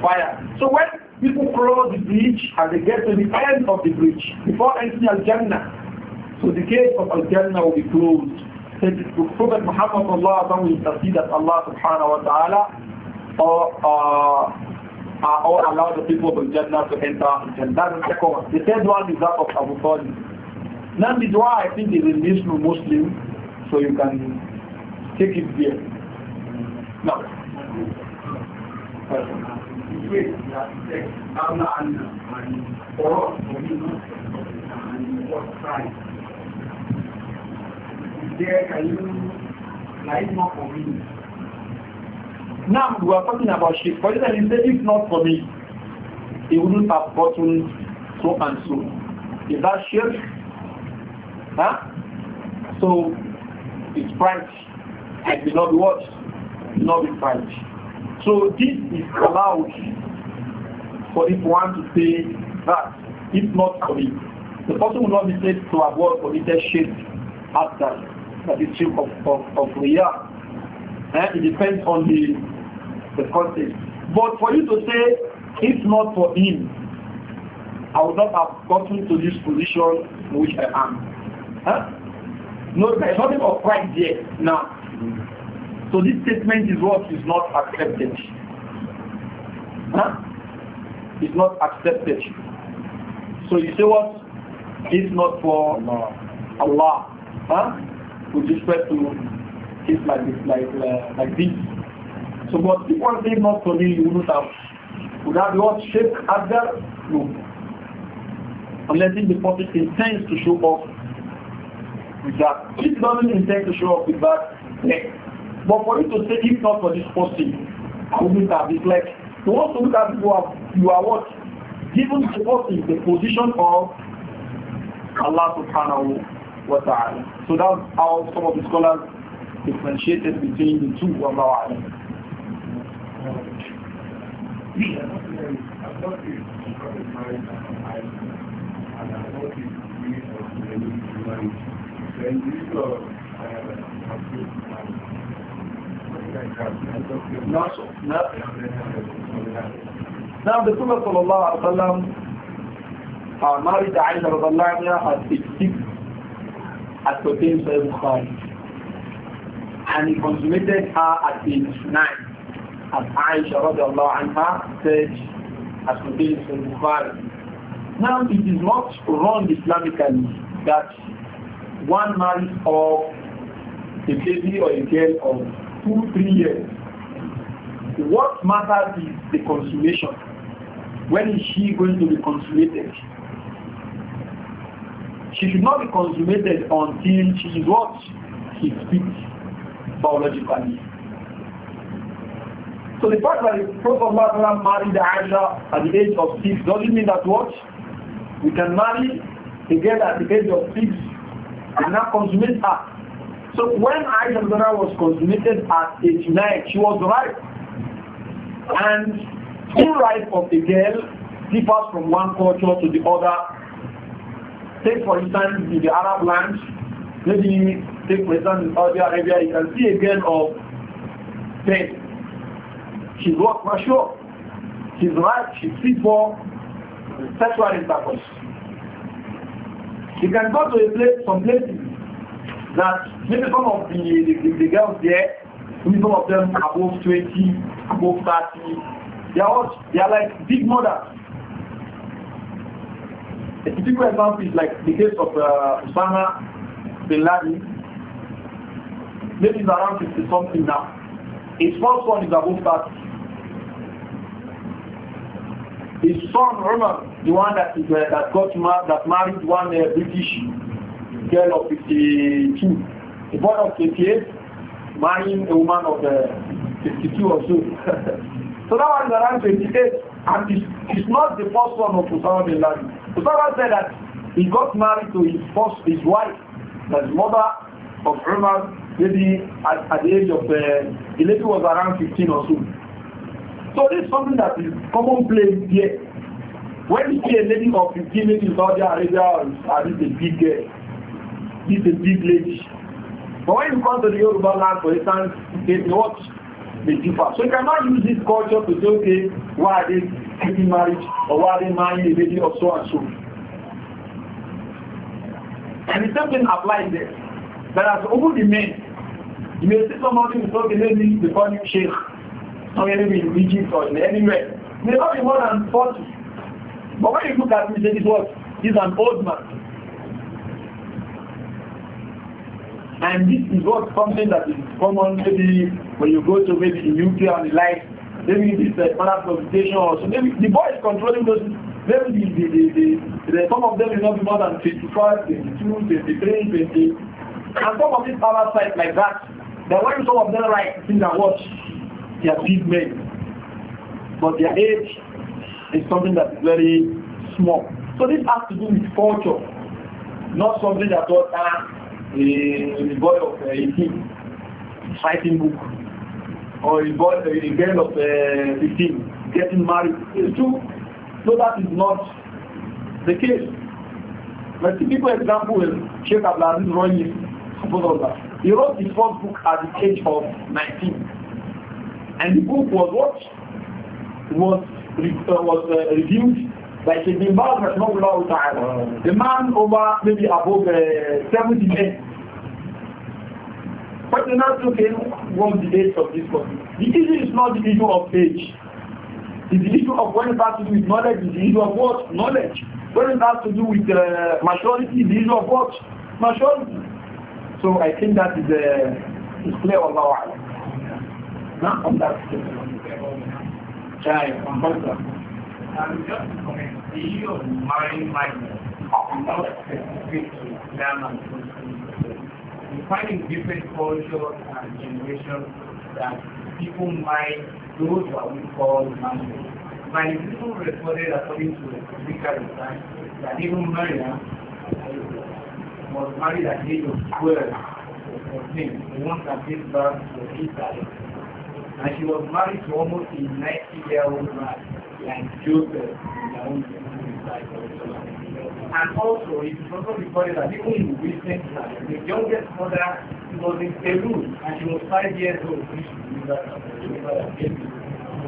fire. So when people cross the bridge and they get to the end of the bridge, before entering Al-Jannah, so the gate of Al-Jannah will be closed. Said Prophet Muhammad will intercede that Allah subhanahu wa ta'ala or uh, are all allow the people of Jannah to enter Jannah. That's the second one. The third one is that of Abu Talib. Now dua I think is a Muslim Muslim, so you can take it there. Now. There, can you more for me? Now we are talking about sheep, For example, if not for me, he wouldn't have gotten so and so. Is that sheep? Huh? So it's pride. I will not be what? not be pride. So this is allowed for if one to say that, if not for me. The person will not be said to have what committed shirk after that is shirk of, of, of riyah. Eh? It depends on the the concept. But for you to say, if not for him, I would not have gotten to this position in which I am. Huh? No, there's nothing of pride there now. So this statement is what is not accepted. Huh? It's not accepted. So you say what? It's not for Allah. Huh? With respect to his like this, like, uh, like this. So, but if one thing not for me, you wouldn't have. Would have what at Adgar? No. Unless if the prophet intends to show off with that. If he doesn't intend to show off with that, yeah. But for you to say, if not for this person, I wouldn't have. It's like, you want to look at you are, you are what? Given what is the position of Allah subhanahu wa ta'ala. So that's how some of the scholars differentiated between the two, Allah now the Prophet sallallahu alaihi wasallam uh, married Aisha radiallahu anha at 66 at pertains and he consummated her at age 9 as Aisha radiallahu anha said as contained in Bukhari. Now it is not wrong Islamically that one month of a baby or a girl of two, three years. What matters is the consummation. When is she going to be consummated? She should not be consummated until she is what? She speaks biologically. So the fact that the Prophet married Aisha at the age of six doesn't mean that what? We can marry together at the age of six and not consummate her. So when Aisha was consummated at age nine, she was right. And the right of the girl differs from one culture to the other. Take for instance in the Arab lands, maybe take for instance in Saudi Arabia, you can see a girl of 10 she's not mature. She's right, she's fit sexual intercourse. She can go to a place, some places that maybe some of the, the, the, the girls there, maybe some of them are above 20, above 30, they are, all, they are like big mothers. A typical example is like the case of uh, Osama bin Laden. Maybe he's around 50 something now. His first one is above 30. His son Roman, the one that, is, uh, that got married, that married one uh, British girl of 52, a boy of 28, marrying a woman of uh, 52 or so. [laughs] so that one is around 28, and it's, it's not the first one of Osama bin Laden. Osama said that he got married to his first, his wife, that mother of Roman, maybe at, at, the age of, uh, the lady was around 15 or so. So this is something that is commonplace here. When you see a lady of 15 maybe in Saudi Arabia or this a big girl, this a big lady. But when you come to the Yoruba land, for instance, they watch the differ. So you cannot use this culture to say, okay, why are they taking marriage or why are they marrying a lady or so and so. And the same thing applies there. But as over the men, you may see somebody who is talking, maybe the funny sheikh, enemy in Egypt or in anywhere. May not be more than 40. But when you look at him, he says, what? He's an old man. And this is what something that is common maybe when you go to maybe the UK and the like, maybe this uh, manner consultation or so maybe the boy is controlling those maybe the, the, the, the, some of them will not be more than 25, 22, 23, 20. And some of these other sites like that, that wearing some of them write things and watch, They are big men. But their age is something that's very small. So this has to do with culture, not something that was done a, a boy of uh, 18 writing book, or a boy, a girl of uh, 15 getting married. It's true. So that is not the case. Let's see, for example, uh, Sheikh Abdulaziz Roy, suppose that. He wrote his first book at the age of 19. And the book was what? Was, uh, was uh, reviewed by the bin Baz Ta'ala. The man over maybe above uh, 70 men. But the are not looking what the age of this person. The issue is not the issue of age. It's the issue of what it has to do with knowledge, it's the issue of what? Knowledge. What it has to do with uh, maturity, the issue of what? Maturity. So I think that is, uh, is clear, Allah not on that child, on both I'm just you mindfulness? Not specific to and different cultures and generations that people mind those what we call mindfulness. My people reported according to the physical research that even Maria was married at the age of 12 or 14, the one that give birth to Israel. And she was married to almost a 90-year-old man, like Joseph, and also, it is also recorded that even in recent times, the youngest mother was in Peru, and she was five years old when she delivered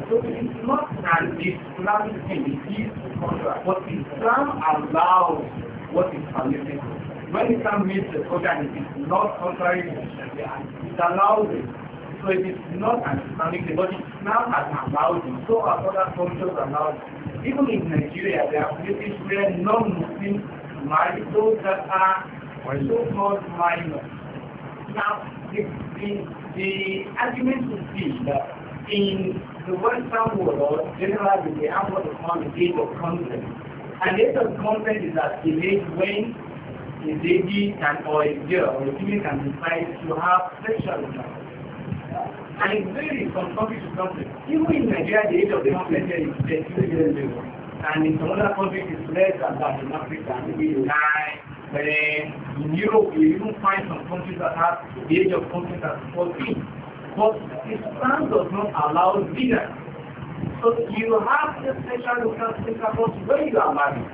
So it's not an Islamic thing, it is contract. But Islam allows what is permissible. When Islam meets the contract, it is not contrary to Sharia. It allows it. So it is not an Islamic thing, but Islam has allowed it. So our other cultures allowed it. Even in Nigeria, there are places where non-Muslims marry those that are so-called minors. Now, the, the, the argument would be that in the Western world, or generally, they have what is called the age of consent. And age of consent is at the age when a baby can, or a girl, or a female can decide to have sexual life. And it varies from country to country. Even in Nigeria, the age of the conflict is 30 years old, And in some other countries, it's less than that in Africa, maybe 9, but in Europe, you even find some countries that have the age of consent at 14. But Islam does not allow zina. So you have the special local intercourse when you are married.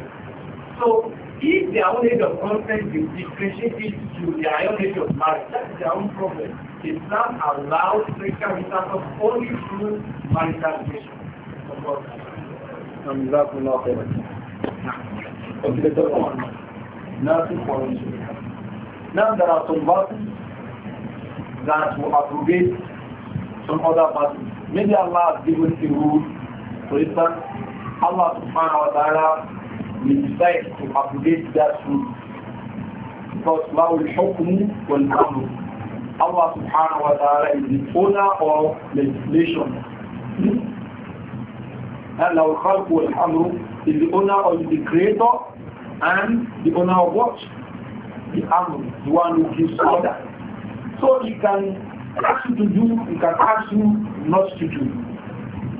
So if their own age of consent is differentiated to their own age of marriage, that's their own problem. Islam allows sexual of only through marital relation. جزاكم الله Now there are some buttons that will abrogate some other buttons. Maybe Allah has given a rule, for instance, Allah subhanahu wa ta'ala will decide to abrogate that rule. Because لَهُ الْحُكْمُ وَالْأَمْرُ Allah subhanahu wa ta'ala is the owner of legislation. Allah al-Khalq al amru is the owner of the creator and the owner of what? The Amru, the one who gives order. So he can ask you to do, he can ask you not to do.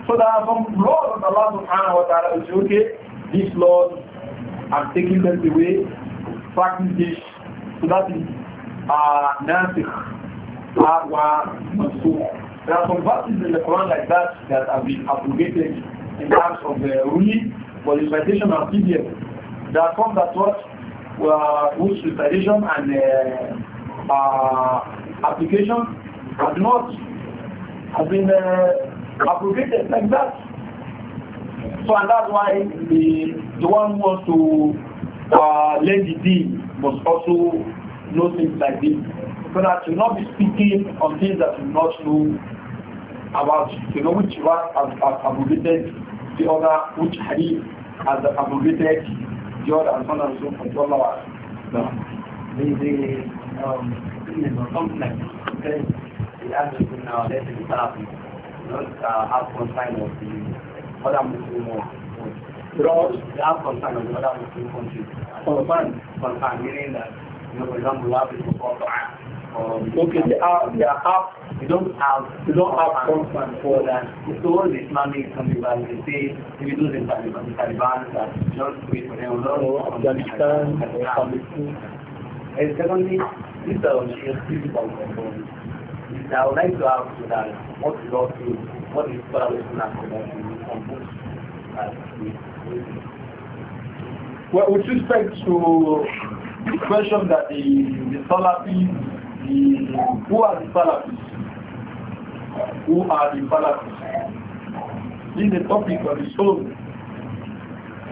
So there are some laws that Allah subhanahu wa ta'ala will say, okay, these laws, I'm taking them away, practice this. So that is uh, nasikh. Awa Mansur. There are some verses in the Quran like that that have been abrogated in terms of uh, the ruling for the recitation of PDF. There are some that what uh, were whose recitation and uh, uh, application have not have been uh, abrogated like that. So and that's why the the one who wants to uh, the deen must also know things like this so that you not be speaking on things that you not know about, you know, which verse has, has abrogated the other, which hadith has abrogated the other, and so on and so forth. Allah no. The, the, um, something, complex, because the answers in our lesson start not uh, have concern of the other Muslim world. They have concern of the other Muslim countries. Concern, concern, meaning that, you know, for example, we have people called um, okay, they are they are up. You don't have you don't have constant for that. So all the Islamic Taliban they say if you do the Taliban, the Taliban that just wait for them. No, Afghanistan, And secondly, this uh, is physical control. I would like to ask you that what is your view? What is Father Islam about on both well, with respect to the question that the, the Salafis who are the Salafis? Who are the Salafis? This is the topic of the soul.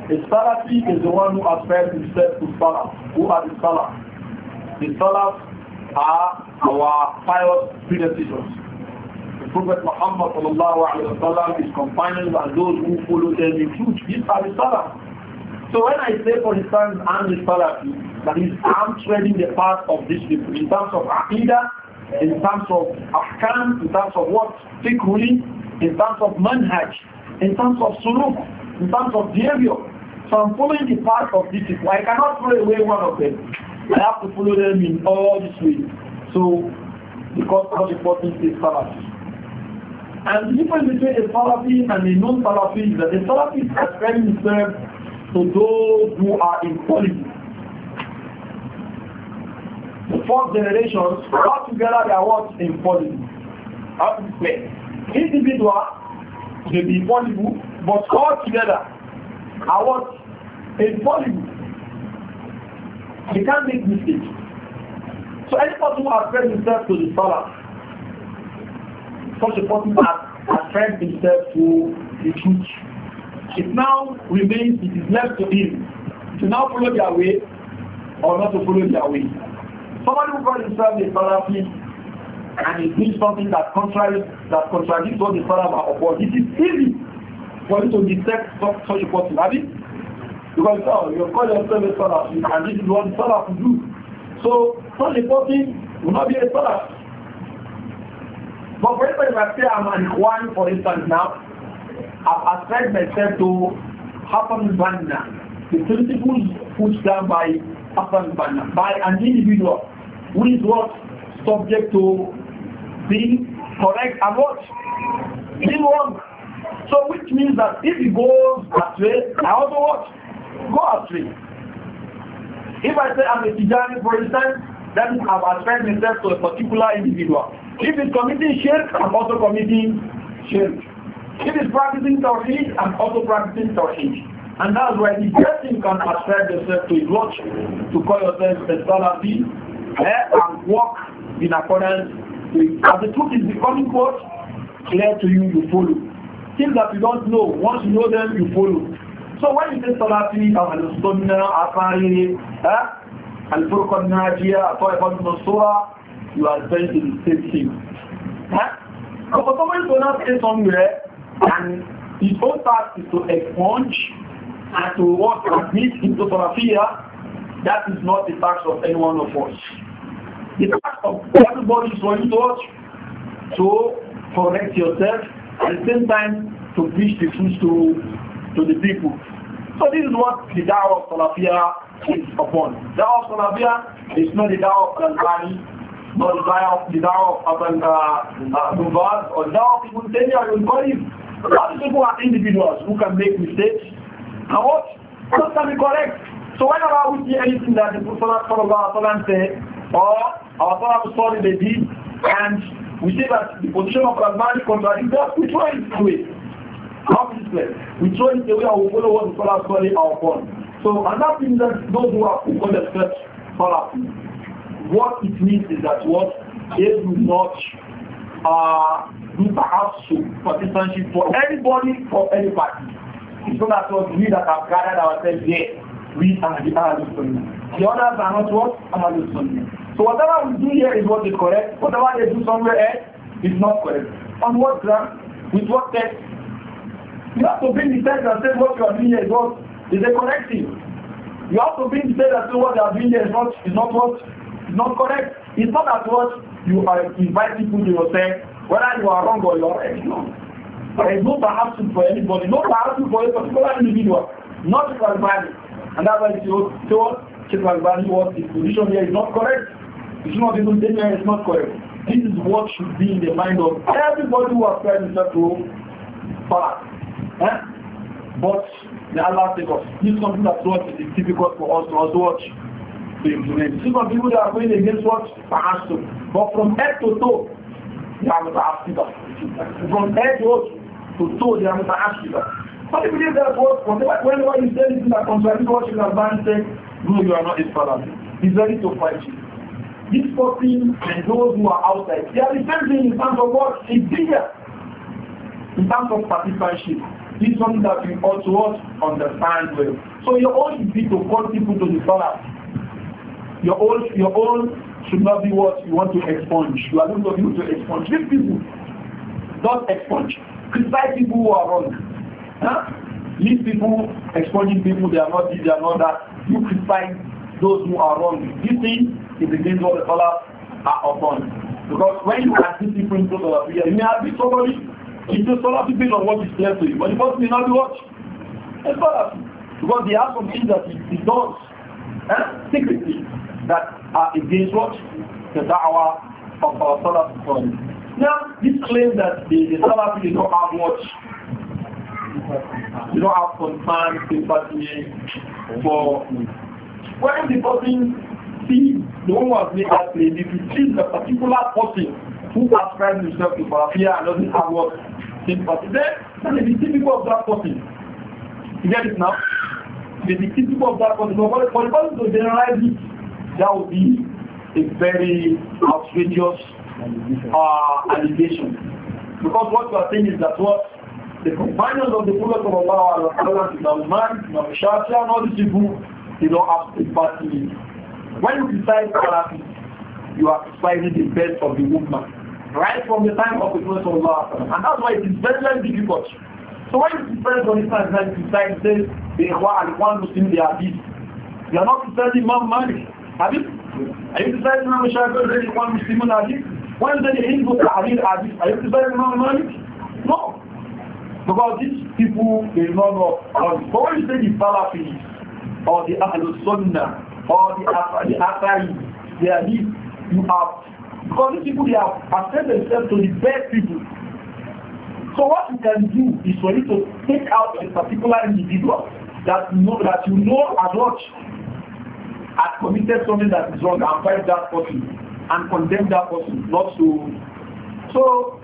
The Salafi is the one who ascribes himself to Salaf. Who are the Salaf? The Salaf are our pious predecessors. The Prophet Muhammad is alayhi wa companions and those who follow them in truth. These are the Salaf. So when I say, for instance, I'm the Salafi, that is, I'm treading the path of these people in terms of Aqidah, in terms of Afghan, in terms of what? Fiqh in terms of Manhaj, in terms of Suluk, in terms of behavior. So I'm following the path of these people. I cannot throw away one of them. I have to follow them in all these ways. So, because all the important is Salafi. And the difference between a Salafi and a non-Salafi is that the Salafi is expressing himself to those who are in politics. The fourth generation, brought together they are what? In politics. How to explain? Individual, they be political, but all together I was In politics. They can't make mistakes. So any person who has himself to the scholar, such a person has friend himself to the truth. it now remains, it is left to him to now follow their way or not to follow their way. Somebody who calls himself a Pharisee and he doing something that contrary that contradicts what the Pharaoh are upon, it is easy for you to detect such a person, have it? Because oh, you call yourself a Pharisee and this is what the Pharaoh do. So such a person will not be a Pharisee. But for instance, if I say I'm an Ikhwan, for instance, now, I've ascribed myself to happen Banna, the principles put down by happen Banna, by an individual who is what? Subject to being correct and what? Being wrong. So which means that if he goes astray, I also what? Go astray. If I say I'm a Tijani, for instance, then I've ascribed myself to a particular individual. If he's committing shirk, I'm also committing shirk. He is practicing Tawheed and also practicing Tawheed. And that's why the person can ascribe yourself to his watch, to call yourself a Salafi, eh, and walk in accordance with As the truth is becoming what? Clear to you, you follow. Things that you don't know, once you know them, you follow. So when you say Salafi, Al-Sunnah, Afari, eh, Al-Furqan Najiyah, Ta'ibat Mansura, you are saying the same thing. Eh? But for somebody to not somewhere, eh? And his whole task is to expunge and to work at least into Salafiyah. That is not the task of any one of us. The task of everybody is for you to watch, to correct yourself, at the same time to preach the truth to, to the people. So this is what the Dawah of Salafiyah is upon. The Dawah of Salafiyah is not the Dawah of Al-Bani, not the Dawah of Abdul uh, uh, Baz, or the Dawah of Ibn Taymiyyah, Ibn Qarib, Some people are individuals who can make mistakes and what? Those can be correct. So whenever we see anything that the Prophet said or our father Prophet story they did and we see that the position of Rahman contradicts that, we try it away. Obviously, we throw it away and we follow what the Prophet story our upon. So another thing that those who are who call themselves Salaf, what it means is that what they do not uh, do perhaps partisanship for anybody, for any party. It's not that was we that have gathered ourselves here. We are the Ahlul The others are not what? Ahlul So whatever we do here is what is correct. Whatever they do somewhere else is not correct. On what ground? With what text? You have to bring the text and say what you are doing here is what is a corrective. You have to bring the text and say what you are doing here is not, is not what is not correct. It's not that what you are inviting people to yourself, whether you are wrong or you are right. No. There is no perhaps for anybody, no perhaps for a particular individual, not Sheikh Albani. And that's why you say what Sheikh Albani was, his position here is not correct. You should not even think it's not correct. This is what should be in the mind of everybody who has tried himself to pass. Eh? But the Allah take us. This is something that's what is difficult for us to also watch to implement. Some of people that are going against what? to, But from head to toe, they are muta'assidah. From head to toe, they are muta'assidah. But if you believe that what, whenever you say anything that contradicts what you have done, say, no, you are not his father. He's ready to fight you. This person and those who are outside, they are the same thing in terms of what? It's bigger. In terms of participation. This is something that we ought to understand well. So your own is to call people to the Father Your own, your own should not be what you want to expunge. You are not going to expunge. These people, don't expunge. Criticize people who are wrong. Huh? These people, expunging people, they are not this, they are not that. You criticize those who are wrong. This thing is against what the scholars are upon. Because when you are these different people of prayer, you may have been somebody into solar depends on what is clear to you, but the person may not be what? As far because they have some things that he, he does eh? secretly that are against what? The da'wah of our Salaf Quran. Now, this claim that the, the Salafi do not have much, Do not have concern, sympathy for. When the person sees the one who has made that claim, if he sees a particular person who ascribes himself to Salafia and doesn't have what? Sympathy, then, then it is typical of that person. You get it now? It is typical of that person. But for the person to generalize it, that would be a very outrageous uh, allegation. Because what you are saying is that what the companions of the Prophet of Allah, Imam Imam Shafi, and all these people, they don't have sympathy. When you decide to Qalafi, you are deciding the best of the woman, right from the time of the Prophet of Allah. And that's why it is very, very difficult. So when you decide on this time, you decide, say, the Ikhwa and one Muslim, they are this. They are not deciding Imam Malik àbí àyíkùsáyé náà mú ṣàgbẹ̀rẹ̀ rẹ̀ ìwọ̀n mùsùlùmí náà bí wọ́n dẹ̀ hindu àríl àbí àyíkùsáyé náà mọ́lì no because these people they know no but the Salafi or the Ahlus or the the Asari they are these you have because these people they have accepted themselves to the best people so what you can do is for you to take out a particular individual that you know that you know as much has committed something that is wrong and find that person and condemn that person not to. So,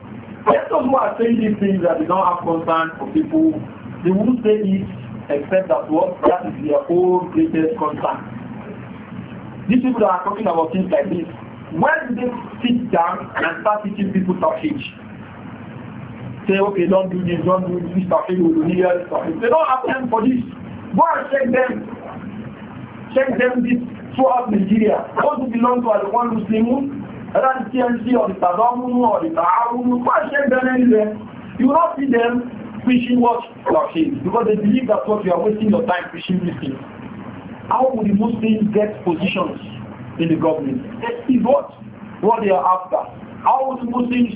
let those who are saying these things that they don't have concern for people, they would not say it except that what that is their own greatest concern. These people that are talking about things like this, when they sit down and start teaching people to teach, Say, okay, don't do this, don't do this, tawhid, will do this, tawhid. They don't have time for this. Go and check them check them this throughout Nigeria. Those who belong to Al-Ikhwan Muslimun, whether the TNC or the Tadamunu or the Ta'awunu, go and check them anywhere. You will not see them fishing what you because they believe that what you are wasting your time fishing this thing. How will the Muslims get positions in the government? That is what what they are after. How will the Muslims,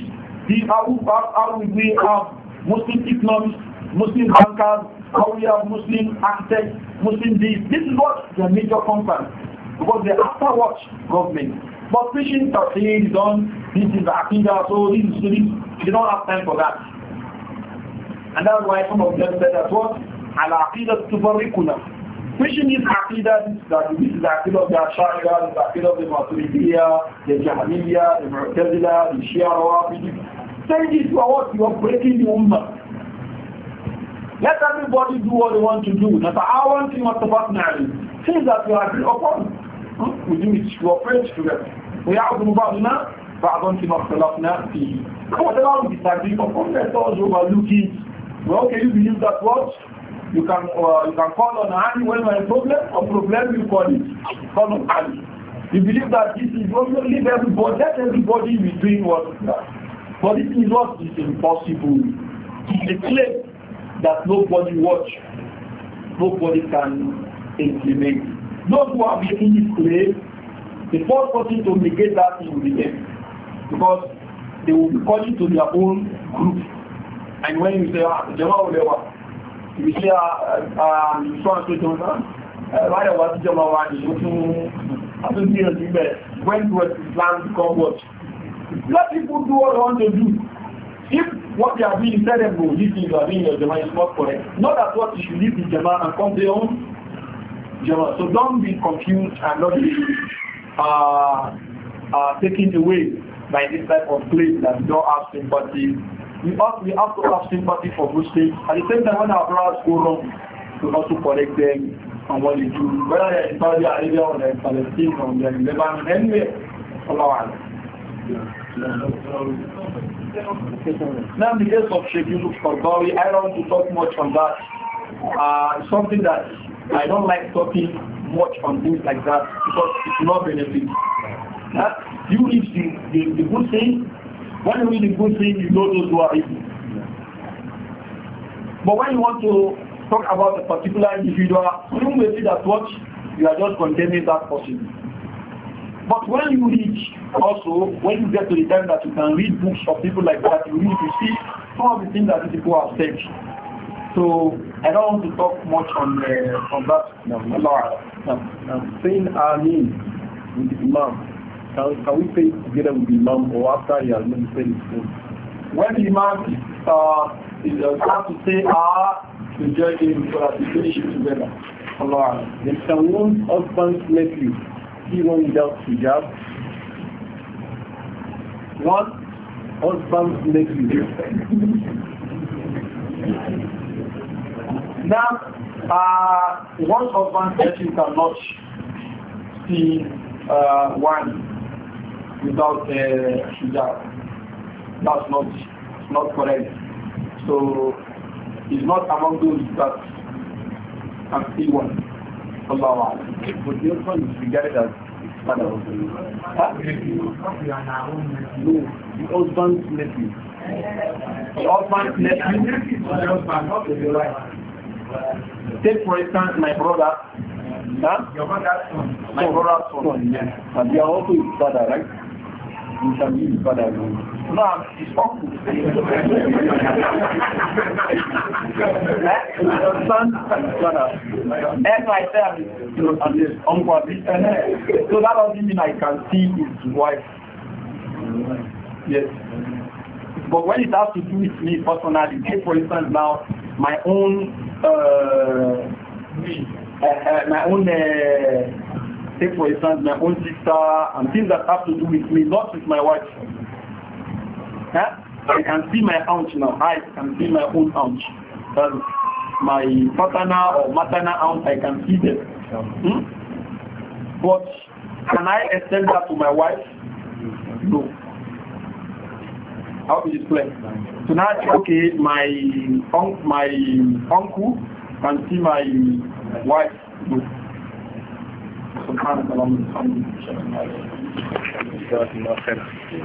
the, how, how will we have Muslim economists, Muslim bankers, or we have Muslim access, Muslim this. This is what the major concern. Because they after watch government. But preaching Tawheed is done, this is Aqidah, so this is this. They don't have time for that. And that's why some of them said that what? Al-Aqidah Tubarikuna. Preaching is Aqidah, that this is the Aqidah of the Ash'ariya, the Aqidah of the Maturidiyya, the Jahmiyyah, the Mu'tazila, the Shia Rawafid. Say this for what? You are breaking the Ummah. Let everybody do what they want to do. That's our want to what about now. Things that we agree upon. Hmm? We do it, we operate together. We are going about now. بعضهم فيما اختلفنا فيه هو ده لو بتعبير upon let us overlook it well okay you believe that what you can uh, you can call on Ali when there is a problem or problem you call it call on Ali you believe that this is what you leave everybody let everybody be doing what but this is what is impossible it's a claim that nobody watch, nobody can implement. Those who are making this claim, the first person to negate that thing will be them. Because they will be calling to their own group. And when you say, ah, Jama Olewa, you say, ah, ah um, so and so, so and so, why was Jama Wadi? I don't see anything there. When was Islam become what? Let people do what they want to do. If what they are doing, tell them, no, these things you are doing in your Jama is not correct. Not that what you should leave the Jama and come their own Jama. So don't be confused and not be uh, uh, taken away by this type of claim that we don't have sympathy. We have, we have to have sympathy for Muslims. At the same time, when our brothers go wrong, we also correct them on what they do. Whether they are in Saudi Arabia or they're in Palestine or they're in Lebanon, anywhere. Allah Allah. Yeah. Yeah. Now, in the case of Sheikh Yusuf Karbawi, I don't want to talk much on that. Uh, something that I don't like talking much on things like that because it's not benefit. That you read the, the, the good thing, when you read the good thing, you know those who are evil. But when you want to talk about a particular individual, you may see that what you are just condemning that person. But when you read, also, when you get to the time that you can read books of people like that, you need to see some of the things that these people have said. So I don't want to talk much on uh, on that. No, no. Allah. No. no. Saying Ameen with the Imam. Can, can we pray together with the Imam or after he has been said it? When the Imam uh, is start uh, to say Ah, to judge him so that we finish it together. Allah. Then can one's husband's nephew see one without hijab. One husband makes you do? now, uh, one husband says you cannot see uh, one without uh, hijab. That's not not correct. So, it's not among those that can see one. Allah But the other You is regarded as father of the No, the husband's nephew. The husband's nephew. The husband, not the wife. Take for instance my brother. Huh? Your brother's son. My brother's son, yes. And they are also his father, right? you shall be before that man. No, it's awful. Son and brother. As I said, uncle, so that doesn't mean I can see his wife. Yes. But when it has to do with me personally, take for instance now my own uh, uh, uh, my own uh, Take for instance my own sister and things that have to do with me, not with my wife. Huh? I can see my aunt now. I can see my own aunt. That's my paternal or maternal aunt, I can see them. Hmm? But can I extend that to my wife? No. How is it clear? So now, okay, my, un- my uncle can see my wife. No. سبحانك اللهم وبحمدك اشهد